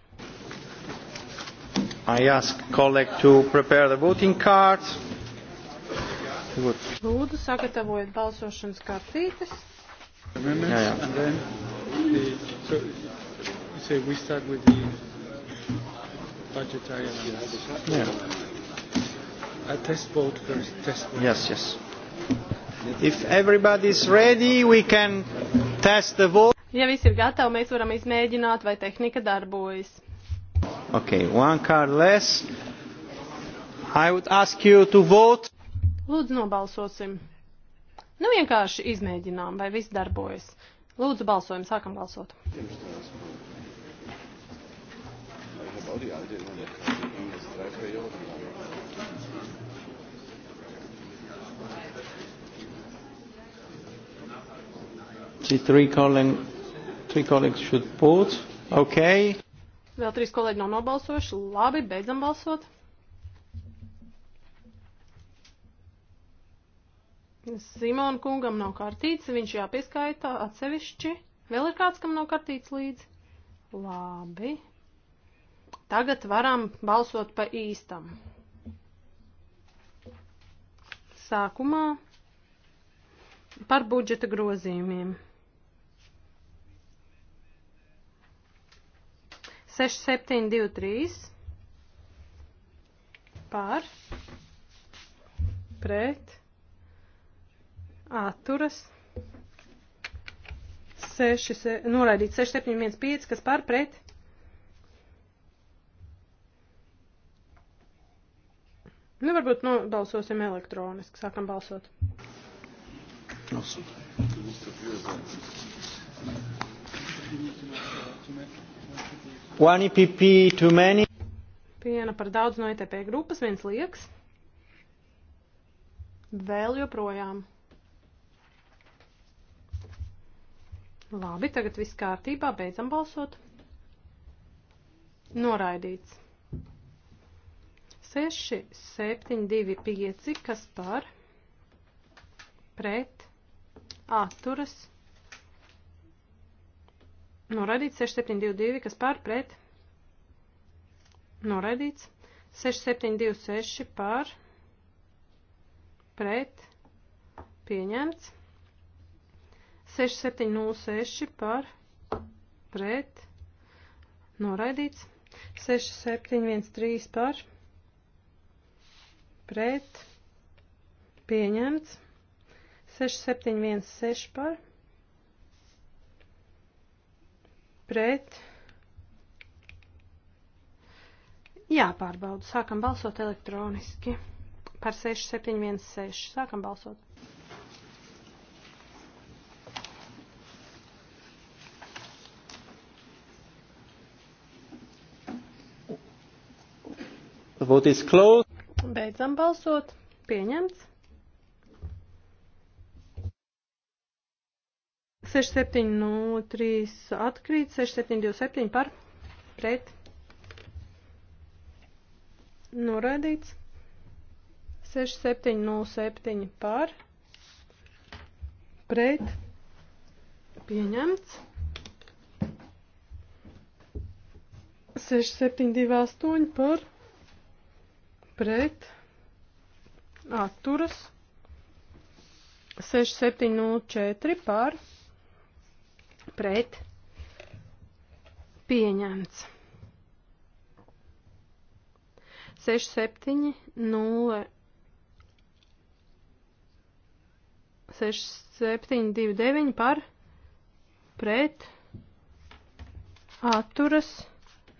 B: I ask colleague to prepare the voting cards. Good. Lūdzu, sagatavojiet balsošanas kartītes.
C: Jā, jā. And then the, so, say we start with the budgetary amendments. Yeah. A test vote first. Test vote.
A: Yes, yes. If everybody is ready, we can test the vote. Ja
B: viss ir gatavi, mēs varam izmēģināt, vai tehnika darbojas. Okay, one card
A: less. I would ask you to vote.
B: Lūdzu, nobalsosim. Nu, vienkārši izmēģinām, vai viss darbojas. Lūdzu, balsojam, sākam balsot. Sie three calling Three colleagues should vote. Okay. Vēl trīs kolēģi nav nobalsojuši. Labi, beidzam balsot. Simona kungam nav kartīts, viņš jāpieskaita atsevišķi. Vēl ir kāds, kam nav kartīts līdzi? Labi. Tagad varam balsot pa īstam. Sākumā par budžeta grozījumiem. 6723 pār pret atturas 6, noraidīt 6715, kas pār pret Nu, varbūt nobalsosim elektroniski. Sākam balsot. Balsot. One EPP too many. Viena par daudz no ETP grupas, viens liekas. Vēl joprojām. Labi, tagad viss kārtībā, beidzam balsot. Noraidīts. 6, 7, 2, 5, kas par, pret, atturas, Noraidīts 6722, kas pār pret. Noraidīts 6726 pār pret. Pieņemts. 6706 pār pret. Noraidīts. 6713 pār pret. Pieņemts. 6716 pār pret pret. Jāpārbauda. Sākam balsot elektroniski. Par 6716. Sākam balsot.
A: The vote is closed.
B: Beidzam balsot. Pieņemts. 6703 nu, atkrīt, 6727 par pret noraidīts, 6707 nu, par pret pieņemts, 6728 par pret atturas, 6704 nu, par pret pret pieņemts. 6, 7, 0, 6, 7, 2, 9 par pret atturas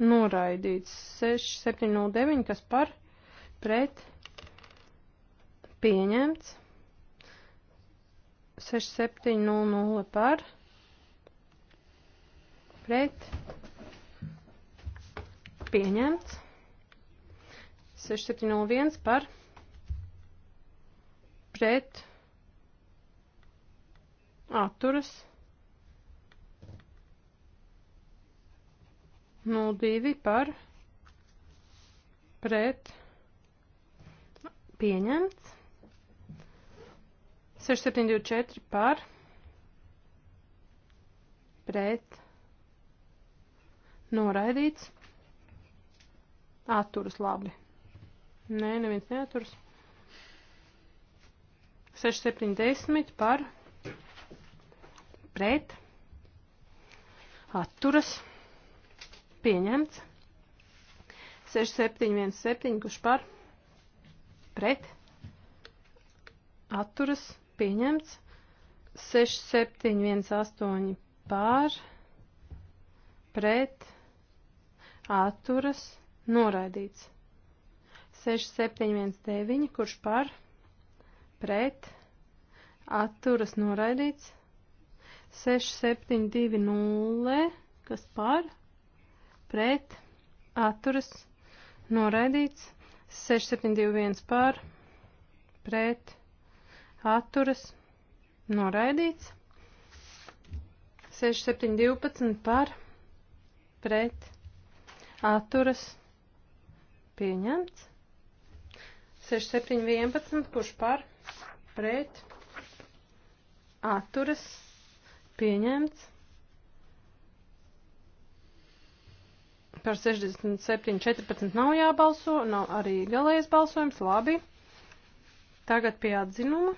B: noraidīts. 6, 7, 0, 9, kas par pret pieņemts. 6, 7, 0, 0 par pret pret pieņemts. 6701 par pret atturas 02 par pret pieņemts 6724 par pret Noraidīts. Atturas labi. Nē, neviens neaturas. 6,70 par pret atturas pieņemts. 6,717 kurš par pret atturas pieņemts. 6,718 par pret atturas, noraidīts. 6719, kurš par, pret, atturas, noraidīts. 6720, kas par, pret, atturas, noraidīts. 6721 par, pret, atturas, noraidīts. 6712 par, pret, atturas atturas pieņemts. 6711, kurš par, pret, atturas pieņemts. Par 6714 nav jābalso, nav arī galējais balsojums, labi. Tagad pie atzinuma.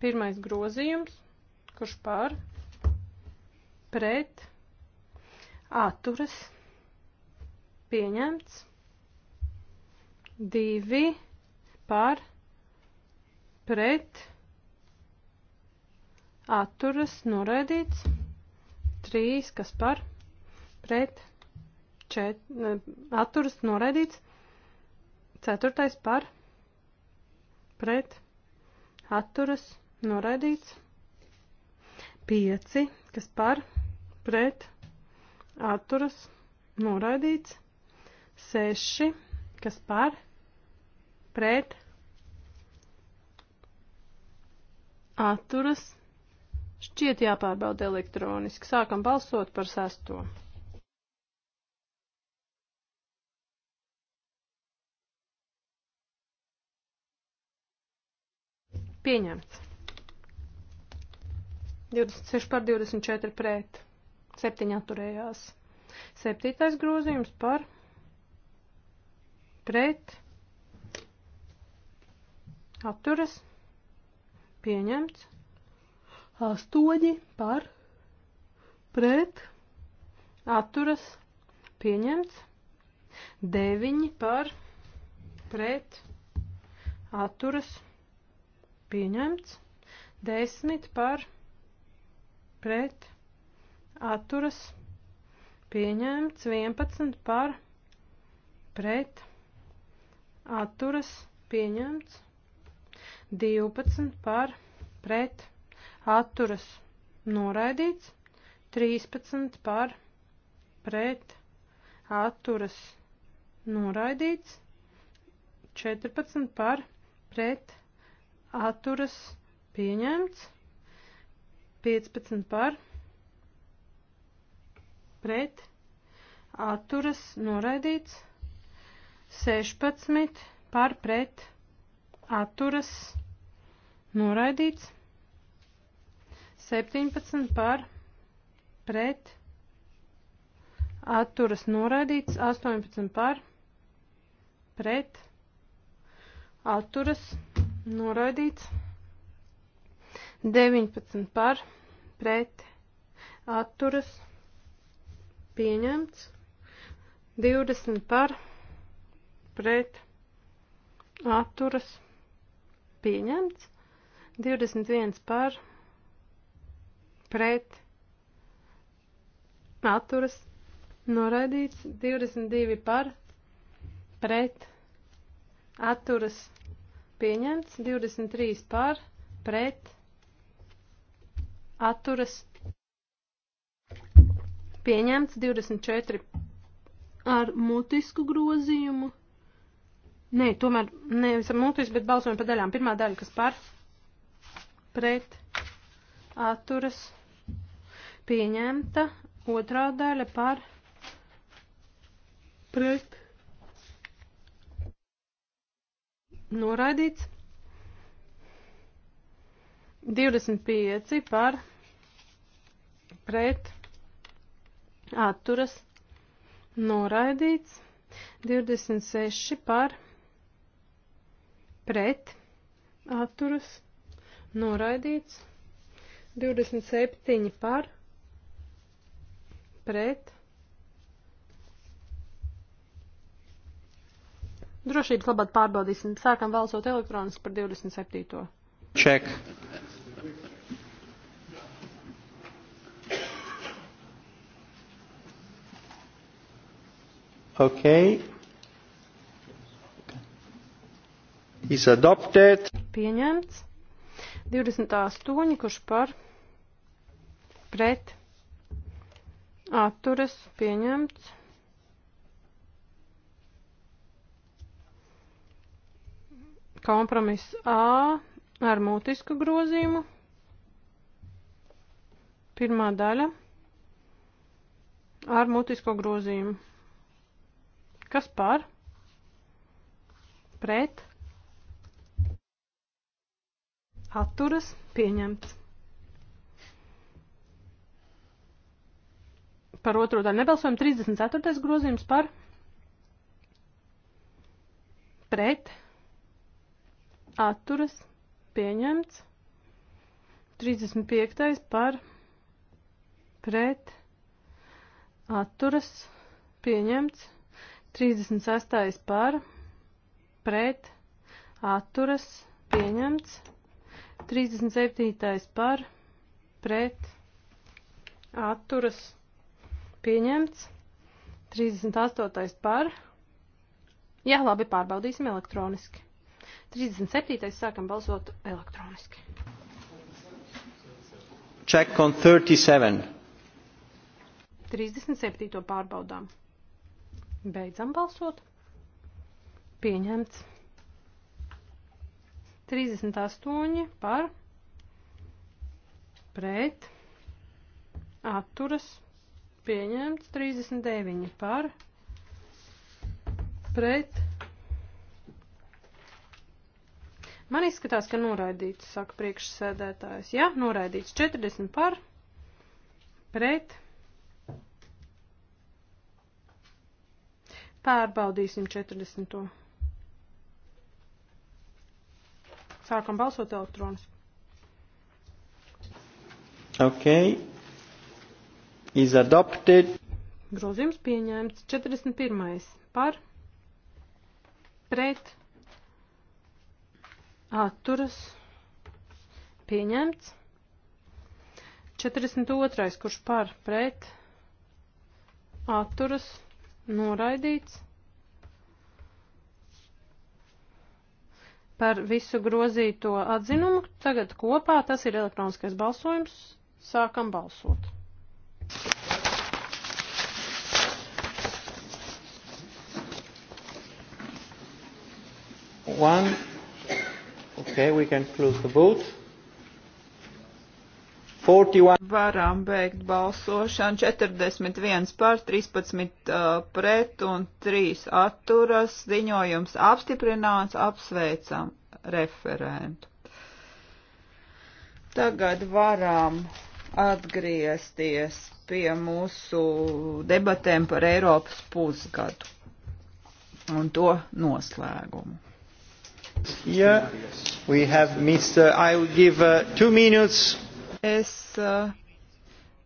B: Pirmais grozījums, kurš par, pret, atturas, pieņemts, divi par, pret, atturas, noraidīts, trīs, kas par, pret, čet, atturas, noraidīts, ceturtais par, pret, atturas, noraidīts, pieci, kas par, pret, atturas, atturas, noraidīts. 6, kas par, pret, atturas, šķiet jāpārbauda elektroniski. Sākam balsot par sesto. Pieņemts. 26 par 24 pret. 7 atturējās. 7. grozījums par pret atturas pieņemts. 8 par pret atturas pieņemts. 9 par pret atturas pieņemts. 10 par pret atturas pieņemts 11 par pret atturas pieņemts 12 par pret atturas noraidīts 13 par pret atturas noraidīts 14 par pret atturas pieņemts 15 par pret pret atturas noraidīts. 16 par pret atturas noraidīts. 17 par pret atturas noraidīts. 18 par pret atturas noraidīts. 19 par pret atturas noraidīts pieņemts, 20 par, pret, atturas, pieņemts, 21 par, pret, atturas, noraidīts, 22 par, pret, atturas, pieņemts, 23 par, pret, atturas, Pieņemts 24 ar mutisku grozījumu. Nē, tomēr nevis ar mutisku, bet balsojam pa daļām. Pirmā daļa, kas par, pret, atturas, pieņemta. Otrā daļa par, pret, noraidīts. 25 par, pret, atturas atturas noraidīts, 26 par pret atturas noraidīts, 27 par pret. Drošības labāk pārbaudīsim. Sākam balsot elektroniski par 27. Check. Okay. Is adopted. Pieņemts. 28, kurš par pret atturas pieņemts. Kompromiss A ar mutisku grozījumu. Pirmā daļa ar mutisko grozījumu. Kas par? Pret. Atturas pieņemts. Par otro daļu nebalsojam 34. grozījums par pret atturas pieņemts 35. par pret atturas pieņemts 36. par, pret, atturas, pieņemts. 37. par, pret, atturas, pieņemts. 38. par. Jā, labi, pārbaudīsim elektroniski. 37. sākam balsot elektroniski.
A: Check on 37.
B: 37. pārbaudām. Beidzam balsot. Pieņemts. 38 par pret atturas pieņemts 39 par pret man izskatās, ka noraidīts saka priekšsēdētājs, ja, noraidīts 40 par pret Pārbaudīsim 40. Sākam balsot elektroniski. Ok. Is adopted. Grozījums pieņēmts 41. par pret atturas pieņemts 42. kurš par pret atturas pieņemts Noraidīts. Par visu grozīto atzinumu tagad kopā tas ir elektroniskais balsojums. Sākam balsot. One.
A: Okay, we can close the vote. 41. Varam beigt balsošanu. 41 par, 13 uh, pret un 3 atturas. Ziņojums apstiprināts. Apsveicam referentu. Tagad varam atgriezties pie mūsu debatēm par Eiropas pusgadu un to noslēgumu. Here we have Mr. I will give uh, two minutes Es eh,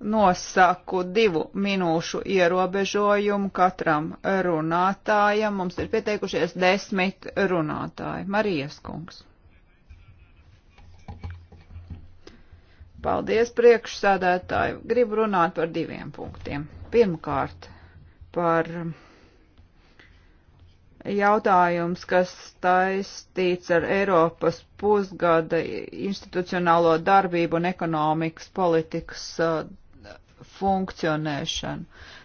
A: nosaku divu minūšu ierobežojumu katram runātājam. Mums ir pieteikušies desmit runātāji. Marijas kungs. Paldies priekšsādētāju. Gribu runāt par diviem punktiem. Pirmkārt, par jautājums, kas taistīts ar Eiropas pusgada institucionālo darbību un ekonomikas politikas uh, funkcionēšanu.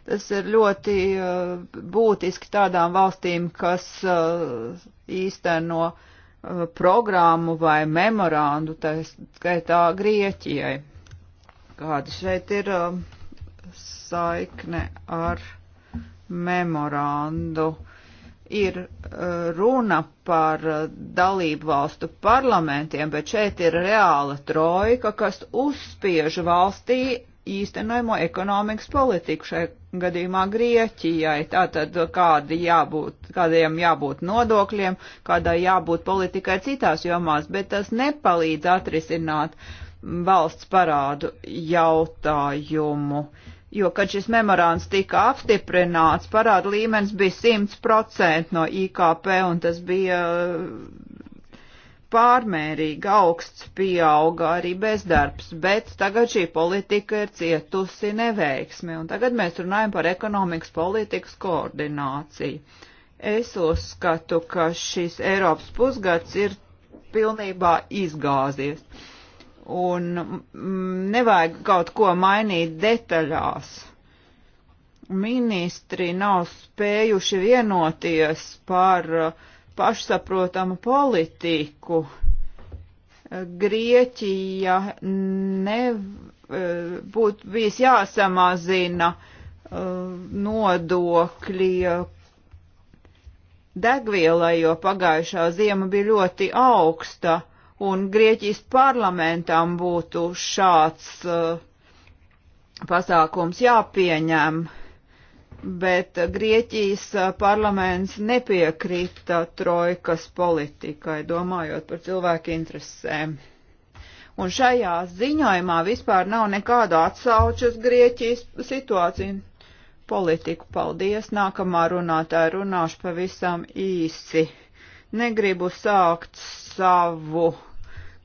A: Tas ir ļoti uh, būtiski tādām valstīm, kas uh, īsteno programmu vai memorandu, tā skaitā Grieķijai. Kāda šeit ir saikne ar memorandu? ir eh, runa par eh, dalību valstu parlamentiem, bet šeit ir reāla trojka, kas uzspiež valstī īstenojamo ekonomikas politiku šai gadījumā Grieķijai. Tātad eh, kādi jābūt, kādiem jābūt nodokļiem, kādai jābūt politikai citās jomās, bet tas nepalīdz atrisināt mm, valsts parādu jautājumu. Uh, jo, kad šis memorāns tika apstiprināts, parāda līmenis bija 100% no IKP, un tas bija uh, pārmērīgi augsts, pieauga arī bezdarbs, bet tagad šī politika ir cietusi neveiksmi, un tagad mēs runājam par ekonomikas politikas koordināciju. Es uzskatu, ka šis Eiropas pusgads ir pilnībā izgāzies. Uh, un mm, nevajag kaut ko mainīt detaļās. Ministri nav spējuši vienoties par uh, pašsaprotamu politiku. Grieķija nebūtu uh, bijis jāsamazina uh, nodokļi degvielai, jo pagājušā ziema bija ļoti augsta un Grieķijas parlamentam būtu šāds uh, pasākums jāpieņem, bet Grieķijas uh, parlaments nepiekrita trojkas politikai, domājot par cilvēku interesēm. Un šajā ziņojumā vispār nav nekāda atsaučas Grieķijas situāciju politiku. Paldies, nākamā runātāja runāšu pavisam īsi. Negribu sākt savu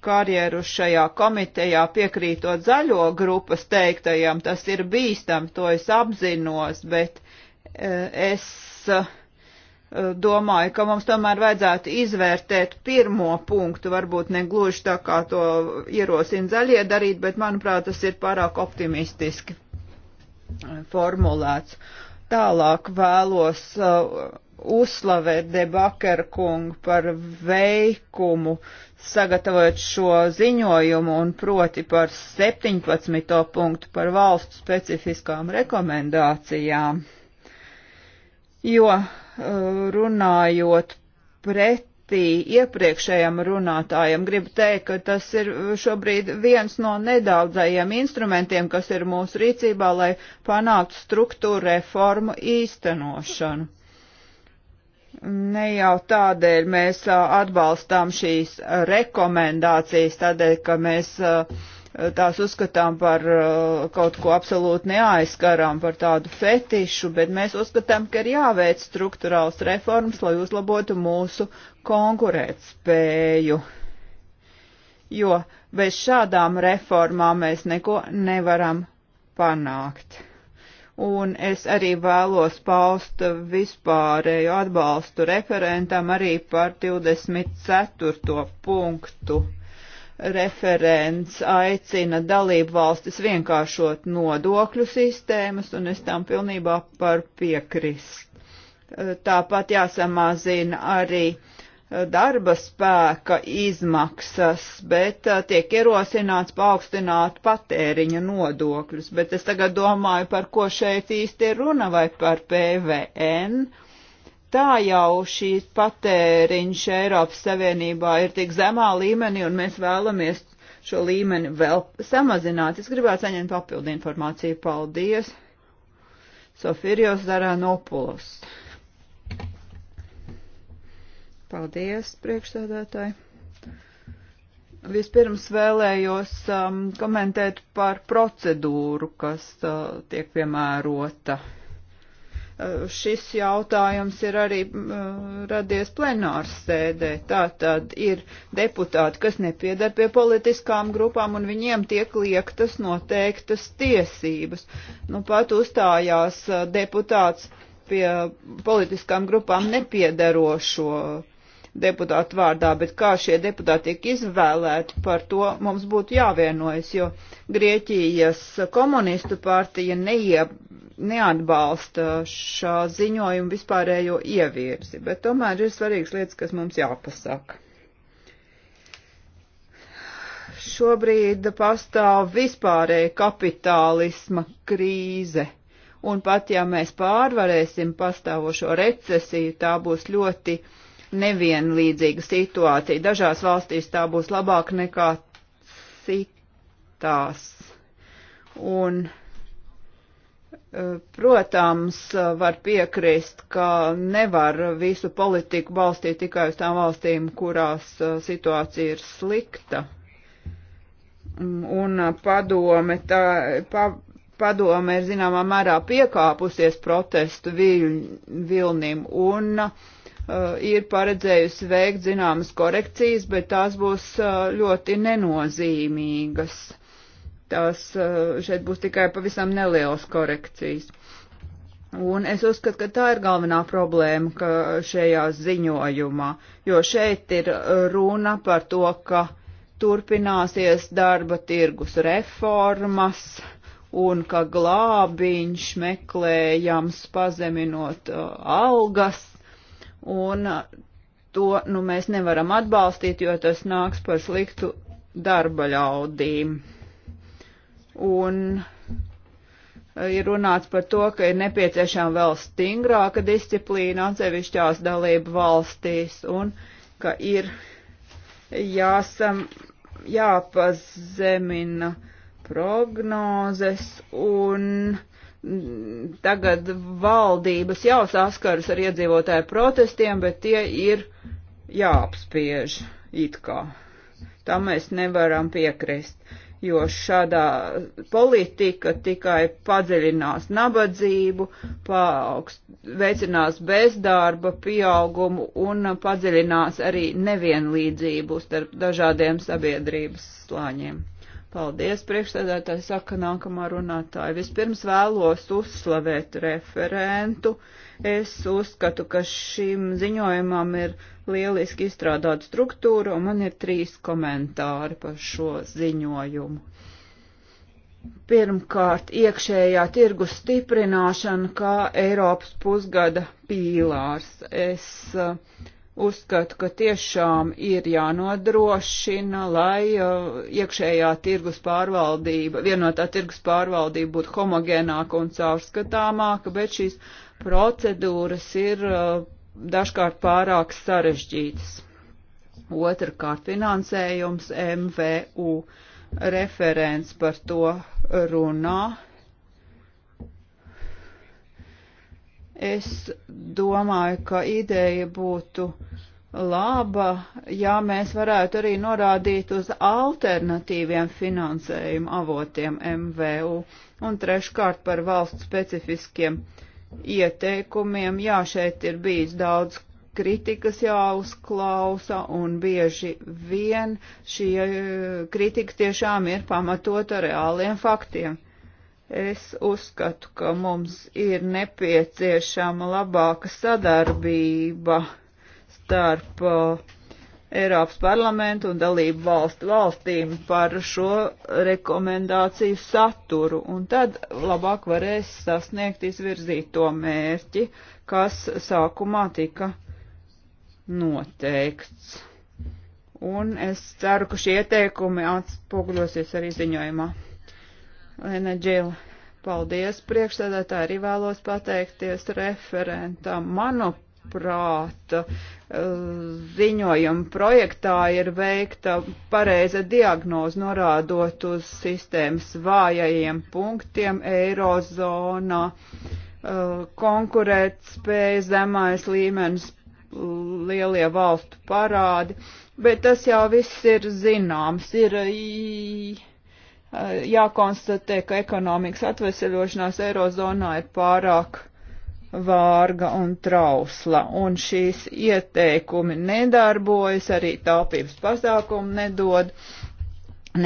A: karjeru šajā komitejā piekrītot zaļo grupas teiktajam, tas ir bīstam, to es apzinos, bet e, es e, domāju, ka mums tomēr vajadzētu izvērtēt pirmo punktu, varbūt ne gluži tā kā to ierosina zaļie darīt, bet manuprāt, tas ir pārāk optimistiski e, formulēts. Tālāk vēlos uh, uzslavēt debakera kungu par veikumu sagatavojot šo ziņojumu un proti par 17. punktu par valstu specifiskām rekomendācijām, jo uh, runājot pret pretī iepriekšējam runātājam. Gribu teikt, ka tas ir šobrīd viens no nedaudzajiem instrumentiem, kas ir mūsu rīcībā, lai panāktu struktūra reformu īstenošanu ne jau tādēļ mēs atbalstām šīs rekomendācijas, tādēļ, ka mēs tās uzskatām par kaut ko absolūti neaizskarām, par tādu fetišu, bet mēs uzskatām, ka ir jāveic struktūrāls reformas, lai uzlabotu mūsu konkurētspēju. Jo bez šādām reformām mēs neko nevaram panākt un es arī vēlos paust vispārēju atbalstu referentam arī par 24. punktu. Referents aicina dalību valstis vienkāršot nodokļu sistēmas, un es tam pilnībā par piekrist. Tāpat jāsamazina arī uh, darba spēka izmaksas, bet uh, tiek ierosināts paaugstināt patēriņa nodokļus. Bet es tagad domāju, par ko šeit īsti ir runa vai par PVN. Tā jau šīs patēriņš Eiropas Savienībā ir tik zemā līmenī un mēs vēlamies šo līmeni vēl samazināt. Es gribētu saņemt papildu informāciju. Paldies! Sofirjos Zaranopulos. Paldies, priekšsēdētāji. Vispirms vēlējos um, komentēt par procedūru, kas uh, tiek piemērota. Uh, šis jautājums ir arī uh, radies plenārs sēdē. Tātad ir deputāti, kas nepiedar pie politiskām grupām, un viņiem tiek liektas noteiktas tiesības. Nu, pat uzstājās uh, deputāts pie politiskām grupām nepiedarošo. Uh, deputātu vārdā, bet kā šie deputāti tiek izvēlēti, par to mums būtu jāvienojas, jo Grieķijas komunistu partija neie, neatbalsta šā ziņojuma vispārējo ievirzi, bet tomēr ir svarīgas lietas, kas mums jāpasaka šobrīd pastāv vispārēja kapitālisma krīze. Un pat ja mēs pārvarēsim pastāvošo recesiju, tā būs ļoti nevienlīdzīga situācija. Dažās valstīs tā būs labāk nekā citās. Un, eh, protams, var piekrist, ka nevar visu politiku balstīt tikai uz tām valstīm, kurās eh, situācija ir slikta. Un eh, padome, tā, pa, padome ir zināmā mērā piekāpusies protestu viļ, vilnim un uh, Uh, ir paredzējusi veikt zināmas korekcijas, bet tās būs uh, ļoti nenozīmīgas. Tās uh, šeit būs tikai pavisam nelielas korekcijas. Un es uzskatu, ka tā ir galvenā problēma ka šajā ziņojumā, jo šeit ir runa par to, ka turpināsies darba tirgus reformas un ka glābiņš meklējams pazeminot algas un uh, to nu, mēs nevaram atbalstīt, jo tas nāks par sliktu darba ļaudīm. Un uh, ir runāts par to, ka ir nepieciešama vēl stingrāka disciplīna atsevišķās dalību valstīs un ka ir jāsam, jāpazemina prognozes un uh, tagad valdības jau saskaras ar iedzīvotāju protestiem, bet tie ir jāapspiež it kā. Tam mēs nevaram piekrist, jo šādā politika tikai padziļinās nabadzību, paaugst, veicinās bezdarba pieaugumu un padziļinās arī nevienlīdzību starp dažādiem sabiedrības slāņiem. Paldies, priekšsēdētāji, saka nākamā runātāja. Vispirms vēlos uzslavēt referentu. Es uzskatu, ka šim ziņojumam ir lieliski izstrādāta struktūra, un man ir trīs komentāri par šo ziņojumu. Pirmkārt, iekšējā tirgus stiprināšana kā Eiropas pusgada pīlārs. Es uh, uzskatu, ka tiešām ir jānodrošina, lai uh, iekšējā tirgus pārvaldība, vienotā tirgus pārvaldība būtu homogēnāka un caurskatāmāka, bet šīs procedūras ir uh, dažkārt pārāk sarežģītas. Otrakārt, finansējums MVU referents par to runā Es domāju, ka ideja būtu laba, ja mēs varētu arī norādīt uz alternatīviem finansējuma avotiem MVU un treškārt par valsts specifiskiem ieteikumiem. Jā, šeit ir bijis daudz kritikas jāuzklausa, un bieži vien šie eh, kritika tiešām ir pamatota reāliem faktiem. Es uzskatu, ka mums ir nepieciešama labāka sadarbība starp uh, Eiropas parlamentu un dalību valstu valstīm par šo rekomendāciju saturu, un tad labāk varēs sasniegt izvirzīto mērķi, kas sākumā tika noteikts. Un es ceru, ka šie ieteikumi atspoguļosies arī ziņojumā. Lena Džila. Paldies priekšsēdētāji, arī vēlos pateikties referentam. Manuprāt, ziņojuma projektā ir veikta pareiza diagnoze, norādot uz sistēmas vājajiem punktiem Eirozonā, konkurētspējas zemais līmenis, lielie valstu parādi, bet tas jau viss ir zināms. Ir, Eh, jākonstatē, ka ekonomikas atveseļošanās Eirozonā ir pārāk vārga un trausla, un šīs ieteikumi nedarbojas, arī taupības pasākumi nedod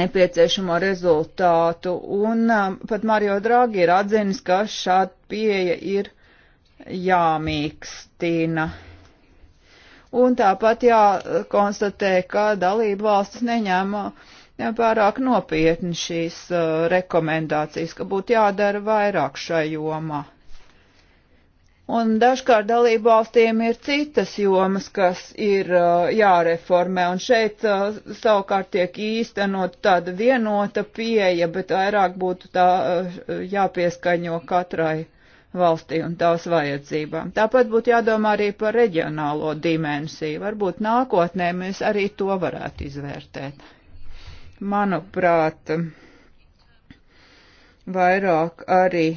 A: nepieciešamo rezultātu, un eh, pat Mario Draghi ir atzinis, ka šāda pieeja ir jāmīkstina. Un tāpat jākonstatē, ka dalību valstis neņēma uh, pārāk nopietni šīs uh, rekomendācijas, ka būtu jādara vairāk šai jomā. Un dažkārt dalībvalstīm ir citas jomas, kas ir uh, jāreformē, un šeit uh, savukārt tiek īstenot tāda vienota pieeja, bet vairāk būtu tā uh, jāpieskaņo katrai valstī un tās vajadzībām. Tāpat būtu jādomā arī par reģionālo dimensiju. Varbūt nākotnē mēs arī to varētu izvērtēt manuprāt, vairāk arī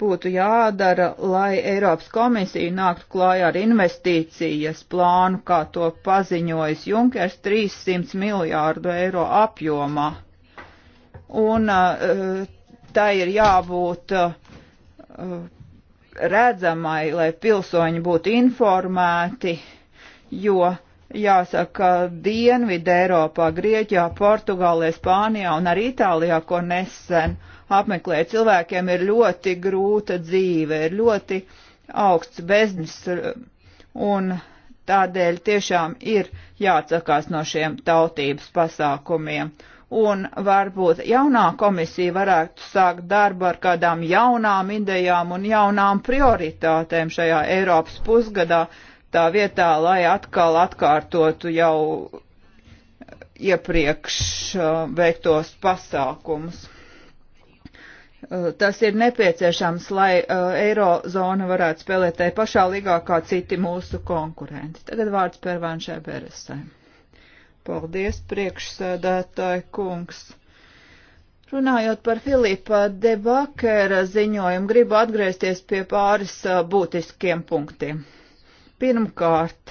A: būtu jādara, lai Eiropas komisija nāktu klājā ar investīcijas plānu, kā to paziņojas Junkers, 300 miljārdu eiro apjomā. Un eh, tā ir jābūt eh, redzamai, lai pilsoņi būtu informēti, jo Jāsaka, ka Dienvidē Eiropā, Grieķijā, Portugālē, Spānijā un arī Itālijā, ko nesen apmeklē, cilvēkiem ir ļoti grūta dzīve, ir ļoti augsts beznis un tādēļ tiešām ir jāatsakās no šiem tautības pasākumiem un varbūt jaunā komisija varētu sākt darbu ar kādām jaunām idejām un jaunām prioritātēm šajā Eiropas pusgadā, tā vietā, lai atkal atkārtotu jau iepriekš uh, veiktos pasākumus. Uh, tas ir nepieciešams, lai uh, eirozona varētu spēlēt tai pašā līgā kā citi mūsu konkurenti. Tagad vārds par Vanšai Beresai. Paldies, priekšsēdētāji kungs. Runājot par Filipa debakera ziņojumu, gribu atgriezties pie pāris būtiskiem punktiem. Pirmkārt,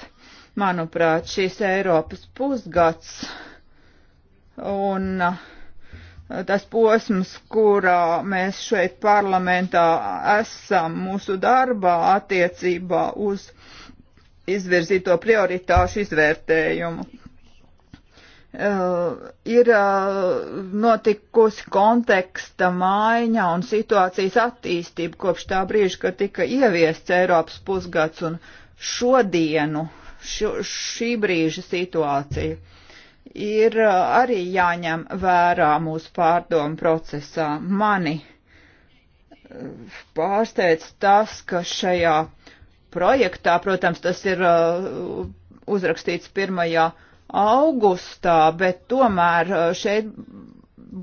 A: manuprāt, šīs Eiropas pusgads un uh, tas posms, kurā mēs šeit parlamentā esam mūsu darbā attiecībā uz izvirzīto prioritāšu izvērtējumu. Uh, ir uh, notikusi konteksta maiņa un situācijas attīstība kopš tā brīža, kad tika ieviests Eiropas pusgads un uh, šodienu, šo, šī brīža situāciju, ir uh, arī jāņem vērā mūsu pārdomu procesā. Mani uh, pārsteidz tas, ka šajā projektā, protams, tas ir uh, uzrakstīts 1. augustā, bet tomēr šeit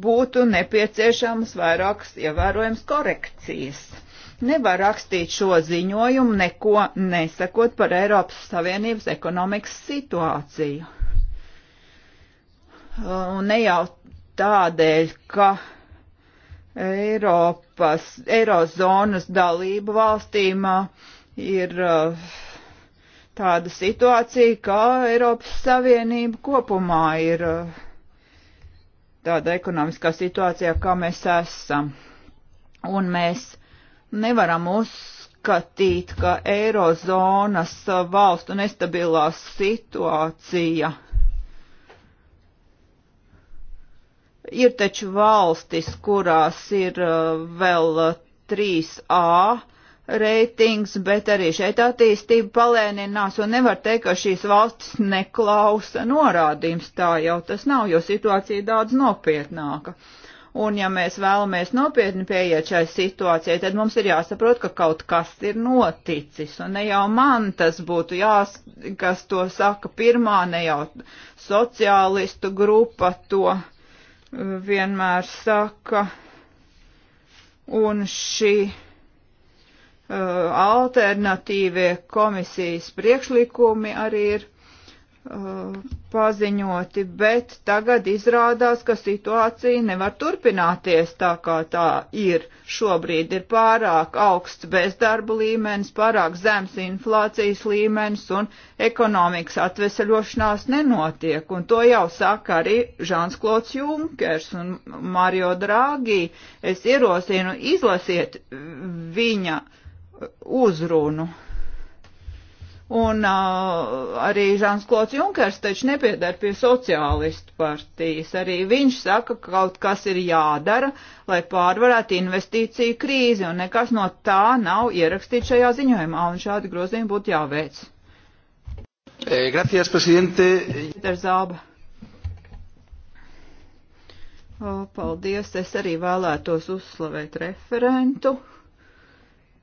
A: būtu nepieciešamas vairākas ievērojams korekcijas nevar rakstīt šo ziņojumu, neko nesakot par Eiropas Savienības ekonomikas situāciju. Un ne jau tādēļ, ka Eiropas, Eirozonas dalību valstīm uh, ir uh, tāda situācija, kā Eiropas Savienība kopumā ir uh, tādā ekonomiskā situācijā, kā mēs esam. Un mēs nevaram uzskatīt, ka eirozonas valstu nestabilā situācija ir taču valstis, kurās ir uh, vēl 3A reitings, bet arī šeit attīstība palēninās un nevar teikt, ka šīs valstis neklausa norādījums. Tā jau tas nav, jo situācija daudz nopietnāka. Uh, Un ja mēs vēlamies nopietni pieiet šai situācijai, tad mums ir jāsaprot, ka kaut kas ir noticis. Un ne jau man tas būtu jās, kas to saka pirmā, ne jau sociālistu grupa to uh, vienmēr saka. Un šī uh, alternatīvie komisijas priekšlikumi arī ir Uh, paziņoti, bet tagad izrādās, ka situācija nevar turpināties tā, kā tā ir. Šobrīd ir pārāk augsts bezdarba līmenis, pārāk zems inflācijas līmenis un ekonomikas atveseļošanās nenotiek. Un to jau saka arī Žāns Klots Junkers un Mario Draghi. Es ierosinu izlasiet viņa uzrunu. Un uh, arī Žāns Klots Junkers taču nepiedar pie sociālistu partijas. Arī viņš saka, ka kaut kas ir jādara, lai pārvarētu investīciju krīzi, un nekas no tā nav ierakstīts šajā ziņojumā, un šādi grozījumi būtu jāveic. E, gracias, presidente. Zāba. O, paldies, es arī vēlētos uzslavēt referentu.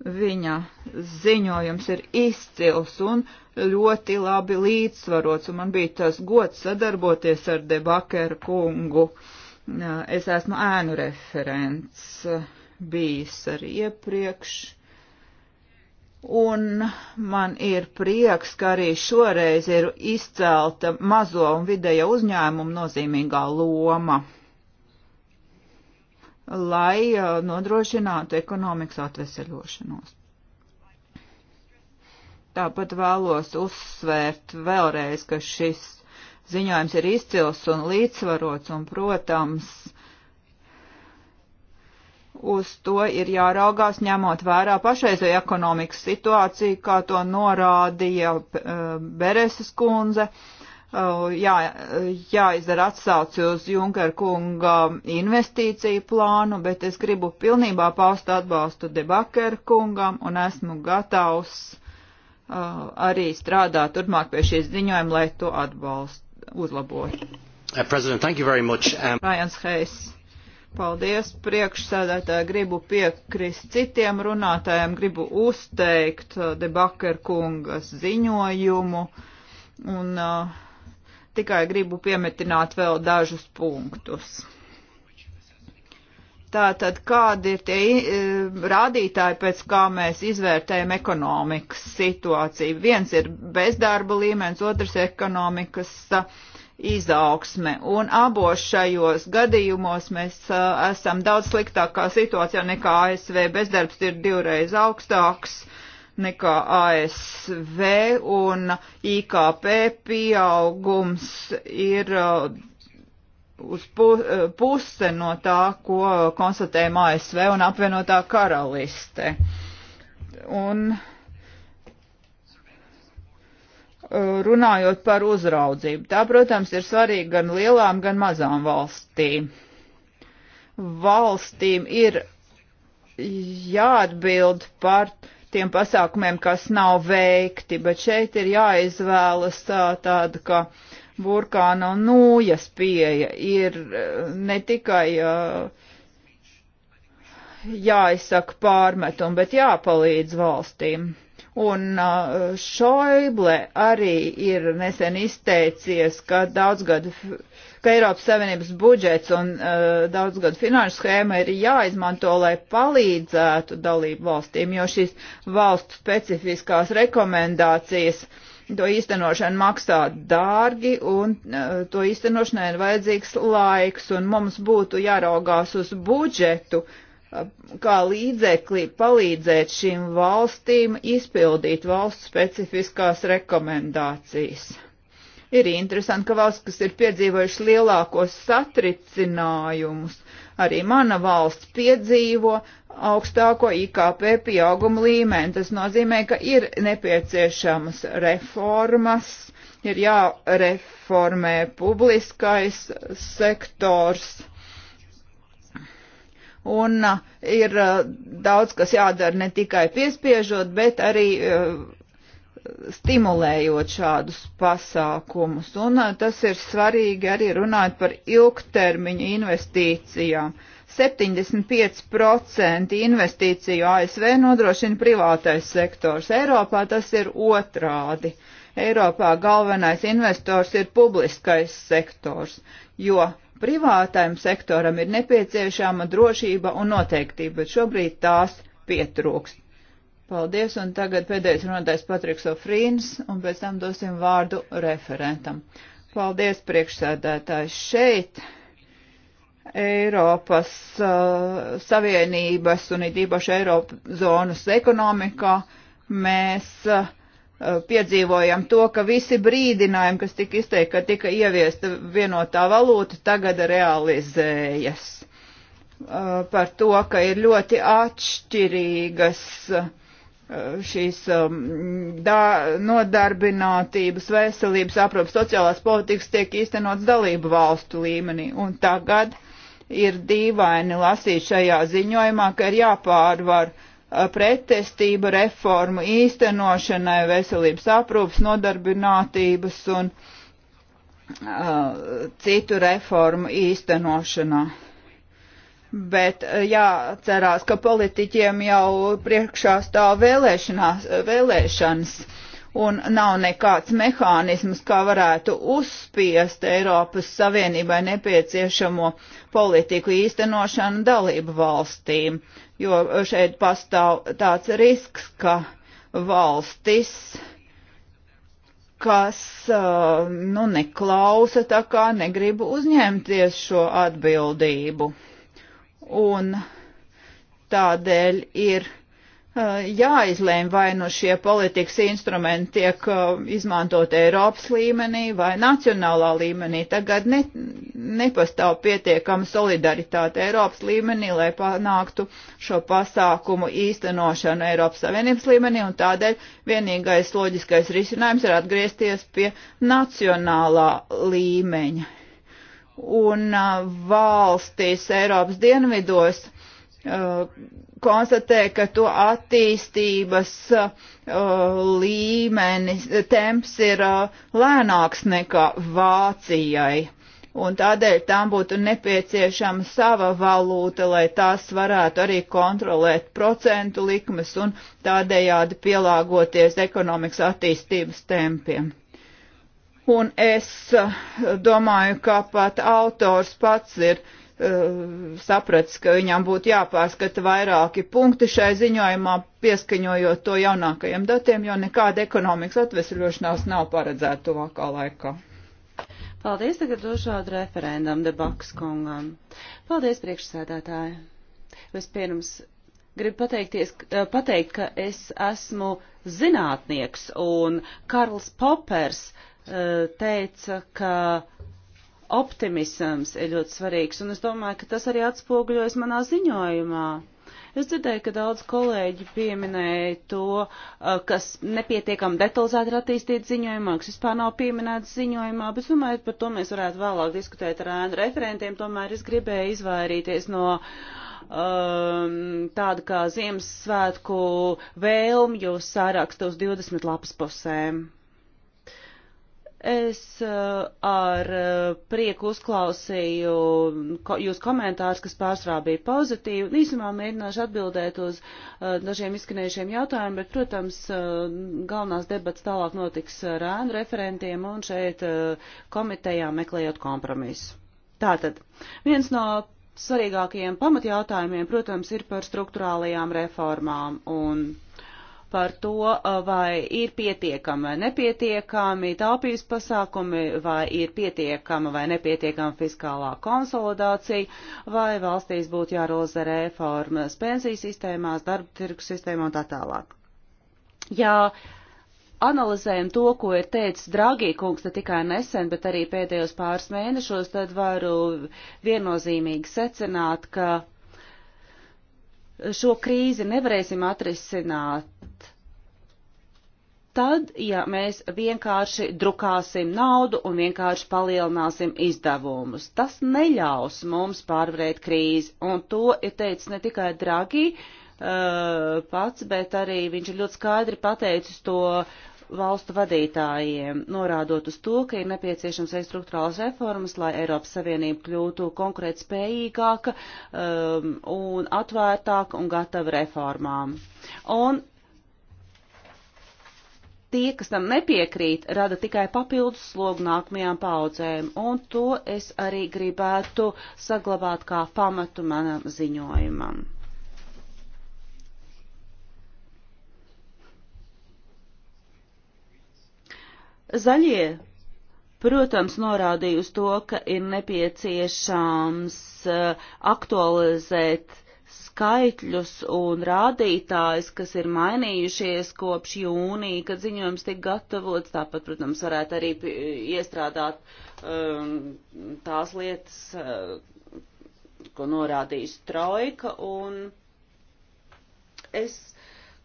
A: Viņa ziņojums ir izcils un ļoti labi līdzsvarots, un man bija tas gods sadarboties ar debakeru kungu. Es esmu ēnu referents bijis arī iepriekš. Un man ir prieks, ka arī šoreiz ir izcelta mazo un vidēja uzņēmumu nozīmīgā loma lai uh, nodrošinātu ekonomikas atveseļošanos. Tāpat vēlos uzsvērt vēlreiz, ka šis ziņojums ir izcils un līdzsvarots, un, protams, uz to ir jāraugās ņemot vērā pašreizēju ekonomikas situāciju, kā to norādīja uh, Bereses kundze. Uh, Uh, jā, jāizdara atsauci uz Junker kunga investīciju plānu, bet es gribu pilnībā paust atbalstu debakeru kungam un esmu gatavs uh, arī strādāt turpmāk pie šīs ziņojuma, lai to atbalstu uzlabotu.
C: Uh, President, thank you very much. Um...
A: Ryan Hayes. Paldies, priekšsēdētāji, gribu piekrist citiem runātājiem, gribu uzteikt uh, debaker kungas ziņojumu un uh, tikai gribu piemetināt vēl dažus punktus. Tātad, kādi ir tie e, rādītāji, pēc kā mēs izvērtējam ekonomikas situāciju? Viens ir bezdarba līmenis, otrs ekonomikas e, izaugsme. Un abos šajos gadījumos mēs e, esam daudz sliktākā situācijā nekā ASV. Bezdarbs ir divreiz augstāks nekā ASV, un IKP pieaugums ir uh, uz uh, puse no tā, ko konstatējam ASV un apvienotā karaliste. Un uh, runājot par uzraudzību, tā, protams, ir svarīga gan lielām, gan mazām valstīm. Valstīm ir jāatbild par uh, tiem pasākumiem, kas nav veikti, bet šeit ir jāizvēlas tā, tāda, ka burkāna un nūjas pieeja ir eh, ne tikai eh, jāizsaka pārmetumi, bet jāpalīdz valstīm. Un eh, Šoible arī ir nesen izteicies, ka daudzgadu ka Eiropas Savienības budžets un uh, eh, daudzgad finanšu schēma ir jāizmanto, lai palīdzētu dalību valstīm, jo šīs valstu specifiskās rekomendācijas to īstenošana maksā dārgi un uh, to īstenošanai ir vajadzīgs laiks un mums būtu jāraugās uz budžetu, eh, kā līdzekli palīdzēt šīm valstīm izpildīt valsts specifiskās rekomendācijas. Ir interesanti, ka valsts, kas ir piedzīvojuši lielākos satricinājumus, arī mana valsts piedzīvo augstāko IKP pieauguma līmeni. Tas nozīmē, ka ir nepieciešamas reformas, ir jāreformē publiskais sektors. Un uh, ir uh, daudz, kas jādara ne tikai piespiežot, bet arī uh, stimulējot šādus pasākumus. Un uh, tas ir svarīgi arī runāt par ilgtermiņu investīcijām. 75% investīciju ASV nodrošina privātais sektors. Eiropā tas ir otrādi. Eiropā galvenais investors ir publiskais sektors, jo privātajam sektoram ir nepieciešama drošība un noteiktība, bet šobrīd tās pietrūkst. Paldies, un tagad pēdējais runātājs Patriks Ofrīns, un pēc tam dosim vārdu referentam. Paldies, priekšsēdētājs. Šeit Eiropas uh, Savienības un it īpaši Eirozonas ekonomikā mēs uh, piedzīvojam to, ka visi brīdinājumi, kas tika izteikti, ka tika ieviesta vienotā valūta, tagad realizējas. Uh, par to, ka ir ļoti atšķirīgas uh, Eh, šīs um, dā, nodarbinātības, veselības aprūpas, sociālās politikas tiek īstenots dalību valstu līmenī. Un tagad ir dīvaini lasīt šajā ziņojumā, ka ir jāpārvar eh, pretestība reformu īstenošanai veselības aprūpas, nodarbinātības un uh, citu reformu īstenošanai bet eh, jācerās, ka politiķiem jau priekšā stāv eh, vēlēšanas un nav nekāds mehānisms, kā varētu uzspiest Eiropas Savienībai nepieciešamo politiku īstenošanu dalību valstīm, jo šeit pastāv tāds risks, ka valstis kas eh, nu, neklausa, tā kā negrib uzņemties šo atbildību un tādēļ ir uh, jāizlēm, vai nu šie politikas instrumenti tiek uh, izmantot Eiropas līmenī vai nacionālā līmenī. Tagad ne, nepastāv pietiekama solidaritāte Eiropas līmenī, lai panāktu šo pasākumu īstenošanu Eiropas Savienības līmenī, un tādēļ vienīgais loģiskais risinājums ir atgriezties pie nacionālā līmeņa un uh, valstīs Eiropas dienvidos uh, konstatē, ka to attīstības uh, līmenis, temps ir uh, lēnāks nekā Vācijai. Un tādēļ tām būtu nepieciešama sava valūta, lai tās varētu arī kontrolēt procentu likmes un tādējādi pielāgoties ekonomikas attīstības tempiem. Un es eh, domāju, ka pat autors pats ir uh, sapratis, ka viņam būtu jāpārskata vairāki punkti šai ziņojumā, pieskaņojot to jaunākajiem datiem, jo nekāda ekonomikas atvesļošanās nav paredzēta tuvākā laikā.
C: Paldies, tagad došādu referendam debaks kungam. Paldies, priekšsēdētāji. Vispirms gribu pateikties, eh, pateikt, ka es esmu zinātnieks un Karls Popers uh, Eh, teica, ka optimisms ir ļoti svarīgs, un es domāju, ka tas arī atspoguļojas manā ziņojumā. Es dzirdēju, ka daudz kolēģi pieminēja to, eh, kas nepietiekam detalizēti ir attīstīts ziņojumā, kas vispār nav pieminēts ziņojumā, bet domāju, par to mēs varētu vēlāk diskutēt ar ēnu referentiem. Tomēr es gribēju izvairīties no um, tāda kā Ziemassvētku vēlmju sāraksta uz 20 lapas pusēm. Es eh, ar eh, prieku uzklausīju jūs komentārus, kas pārsvarā bija pozitīvi, un īsumā mēģināšu atbildēt uz eh, dažiem izskanējušiem jautājumiem, bet, protams, galvenās debats tālāk notiks ar ēnu referentiem un šeit komitejā meklējot kompromisu. Tātad, viens no svarīgākajiem pamatjautājumiem, protams, ir par struktūrālajām reformām un par to, uh, vai ir pietiekami vai nepietiekami taupības pasākumi, vai ir pietiekama vai nepietiekama fiskālā konsolidācija, vai valstīs būtu jārozē reformas pensiju sistēmās, darba tirgus sistēmā un tā tālāk. Jā, analizējam to, ko ir teicis Dragī kungs ne tikai nesen, bet arī pēdējos pāris mēnešos, tad varu viennozīmīgi secināt, ka šo krīzi nevarēsim atrisināt tad, ja mēs vienkārši drukāsim naudu un vienkārši palielināsim izdevumus. Tas neļaus mums pārvarēt krīzi, un to ir teicis ne tikai Dragi uh, pats, bet arī viņš ir ļoti skaidri pateicis to valstu vadītājiem, norādot uz to, ka ir nepieciešams veikt struktūrālas reformas, lai Eiropas Savienība kļūtu konkurētspējīgāka um, un atvērtāka un gatava reformām. Un tie, kas tam nepiekrīt, rada tikai papildus slogu nākamajām paudzēm, un to es arī gribētu saglabāt kā pamatu manam ziņojumam. Zaļie, protams, norādīja uz to, ka ir nepieciešams eh, aktualizēt skaitļus un rādītājs, kas ir mainījušies kopš jūnija, kad ziņojums tika gatavots. Tāpat, protams, varētu arī iestrādāt um, tās lietas, uh, ko norādījis Trojka. Un es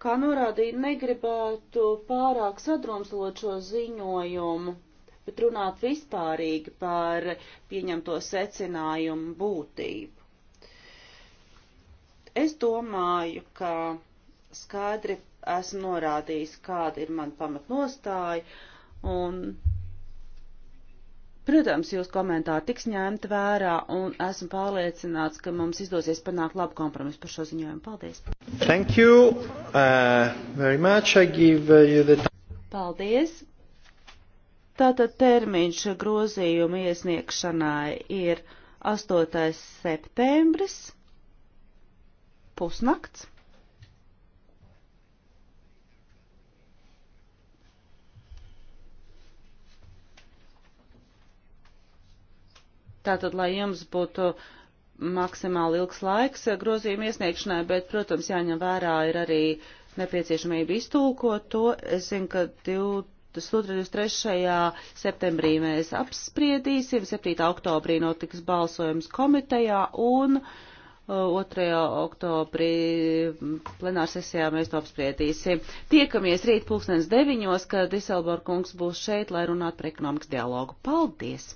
C: Kā norādīja, negribētu pārāk sadrumstalot šo ziņojumu, bet runāt vispārīgi par pieņemto secinājumu būtību. Es domāju, ka skaidri esmu norādījis, kāda ir mana pamatnostāja, un Protams, jūs komentāri tiks ņemt vērā, un esmu pārliecināts, ka mums izdosies panākt labu kompromisu par šo ziņojumu. Paldies!
B: Thank you uh, very much. I give uh, you the...
C: Paldies! Tātad termiņš grozījuma iesniegšanai ir 8. septembris, pusnakts. Tātad, lai jums būtu maksimāli ilgs laiks grozījuma iesniegšanai, bet, protams, jāņem vērā ir arī nepieciešamība iztūkot to. Es zinu, ka 23. septembrī mēs apspriedīsim, 7. oktobrī notiks balsojums komitejā un 2. Uh, oktobrī plenārsesijā mēs to apspriedīsim. Tiekamies rīt pulkstens deviņos, kad Diselborg kungs būs šeit, lai runātu par ekonomikas dialogu. Paldies!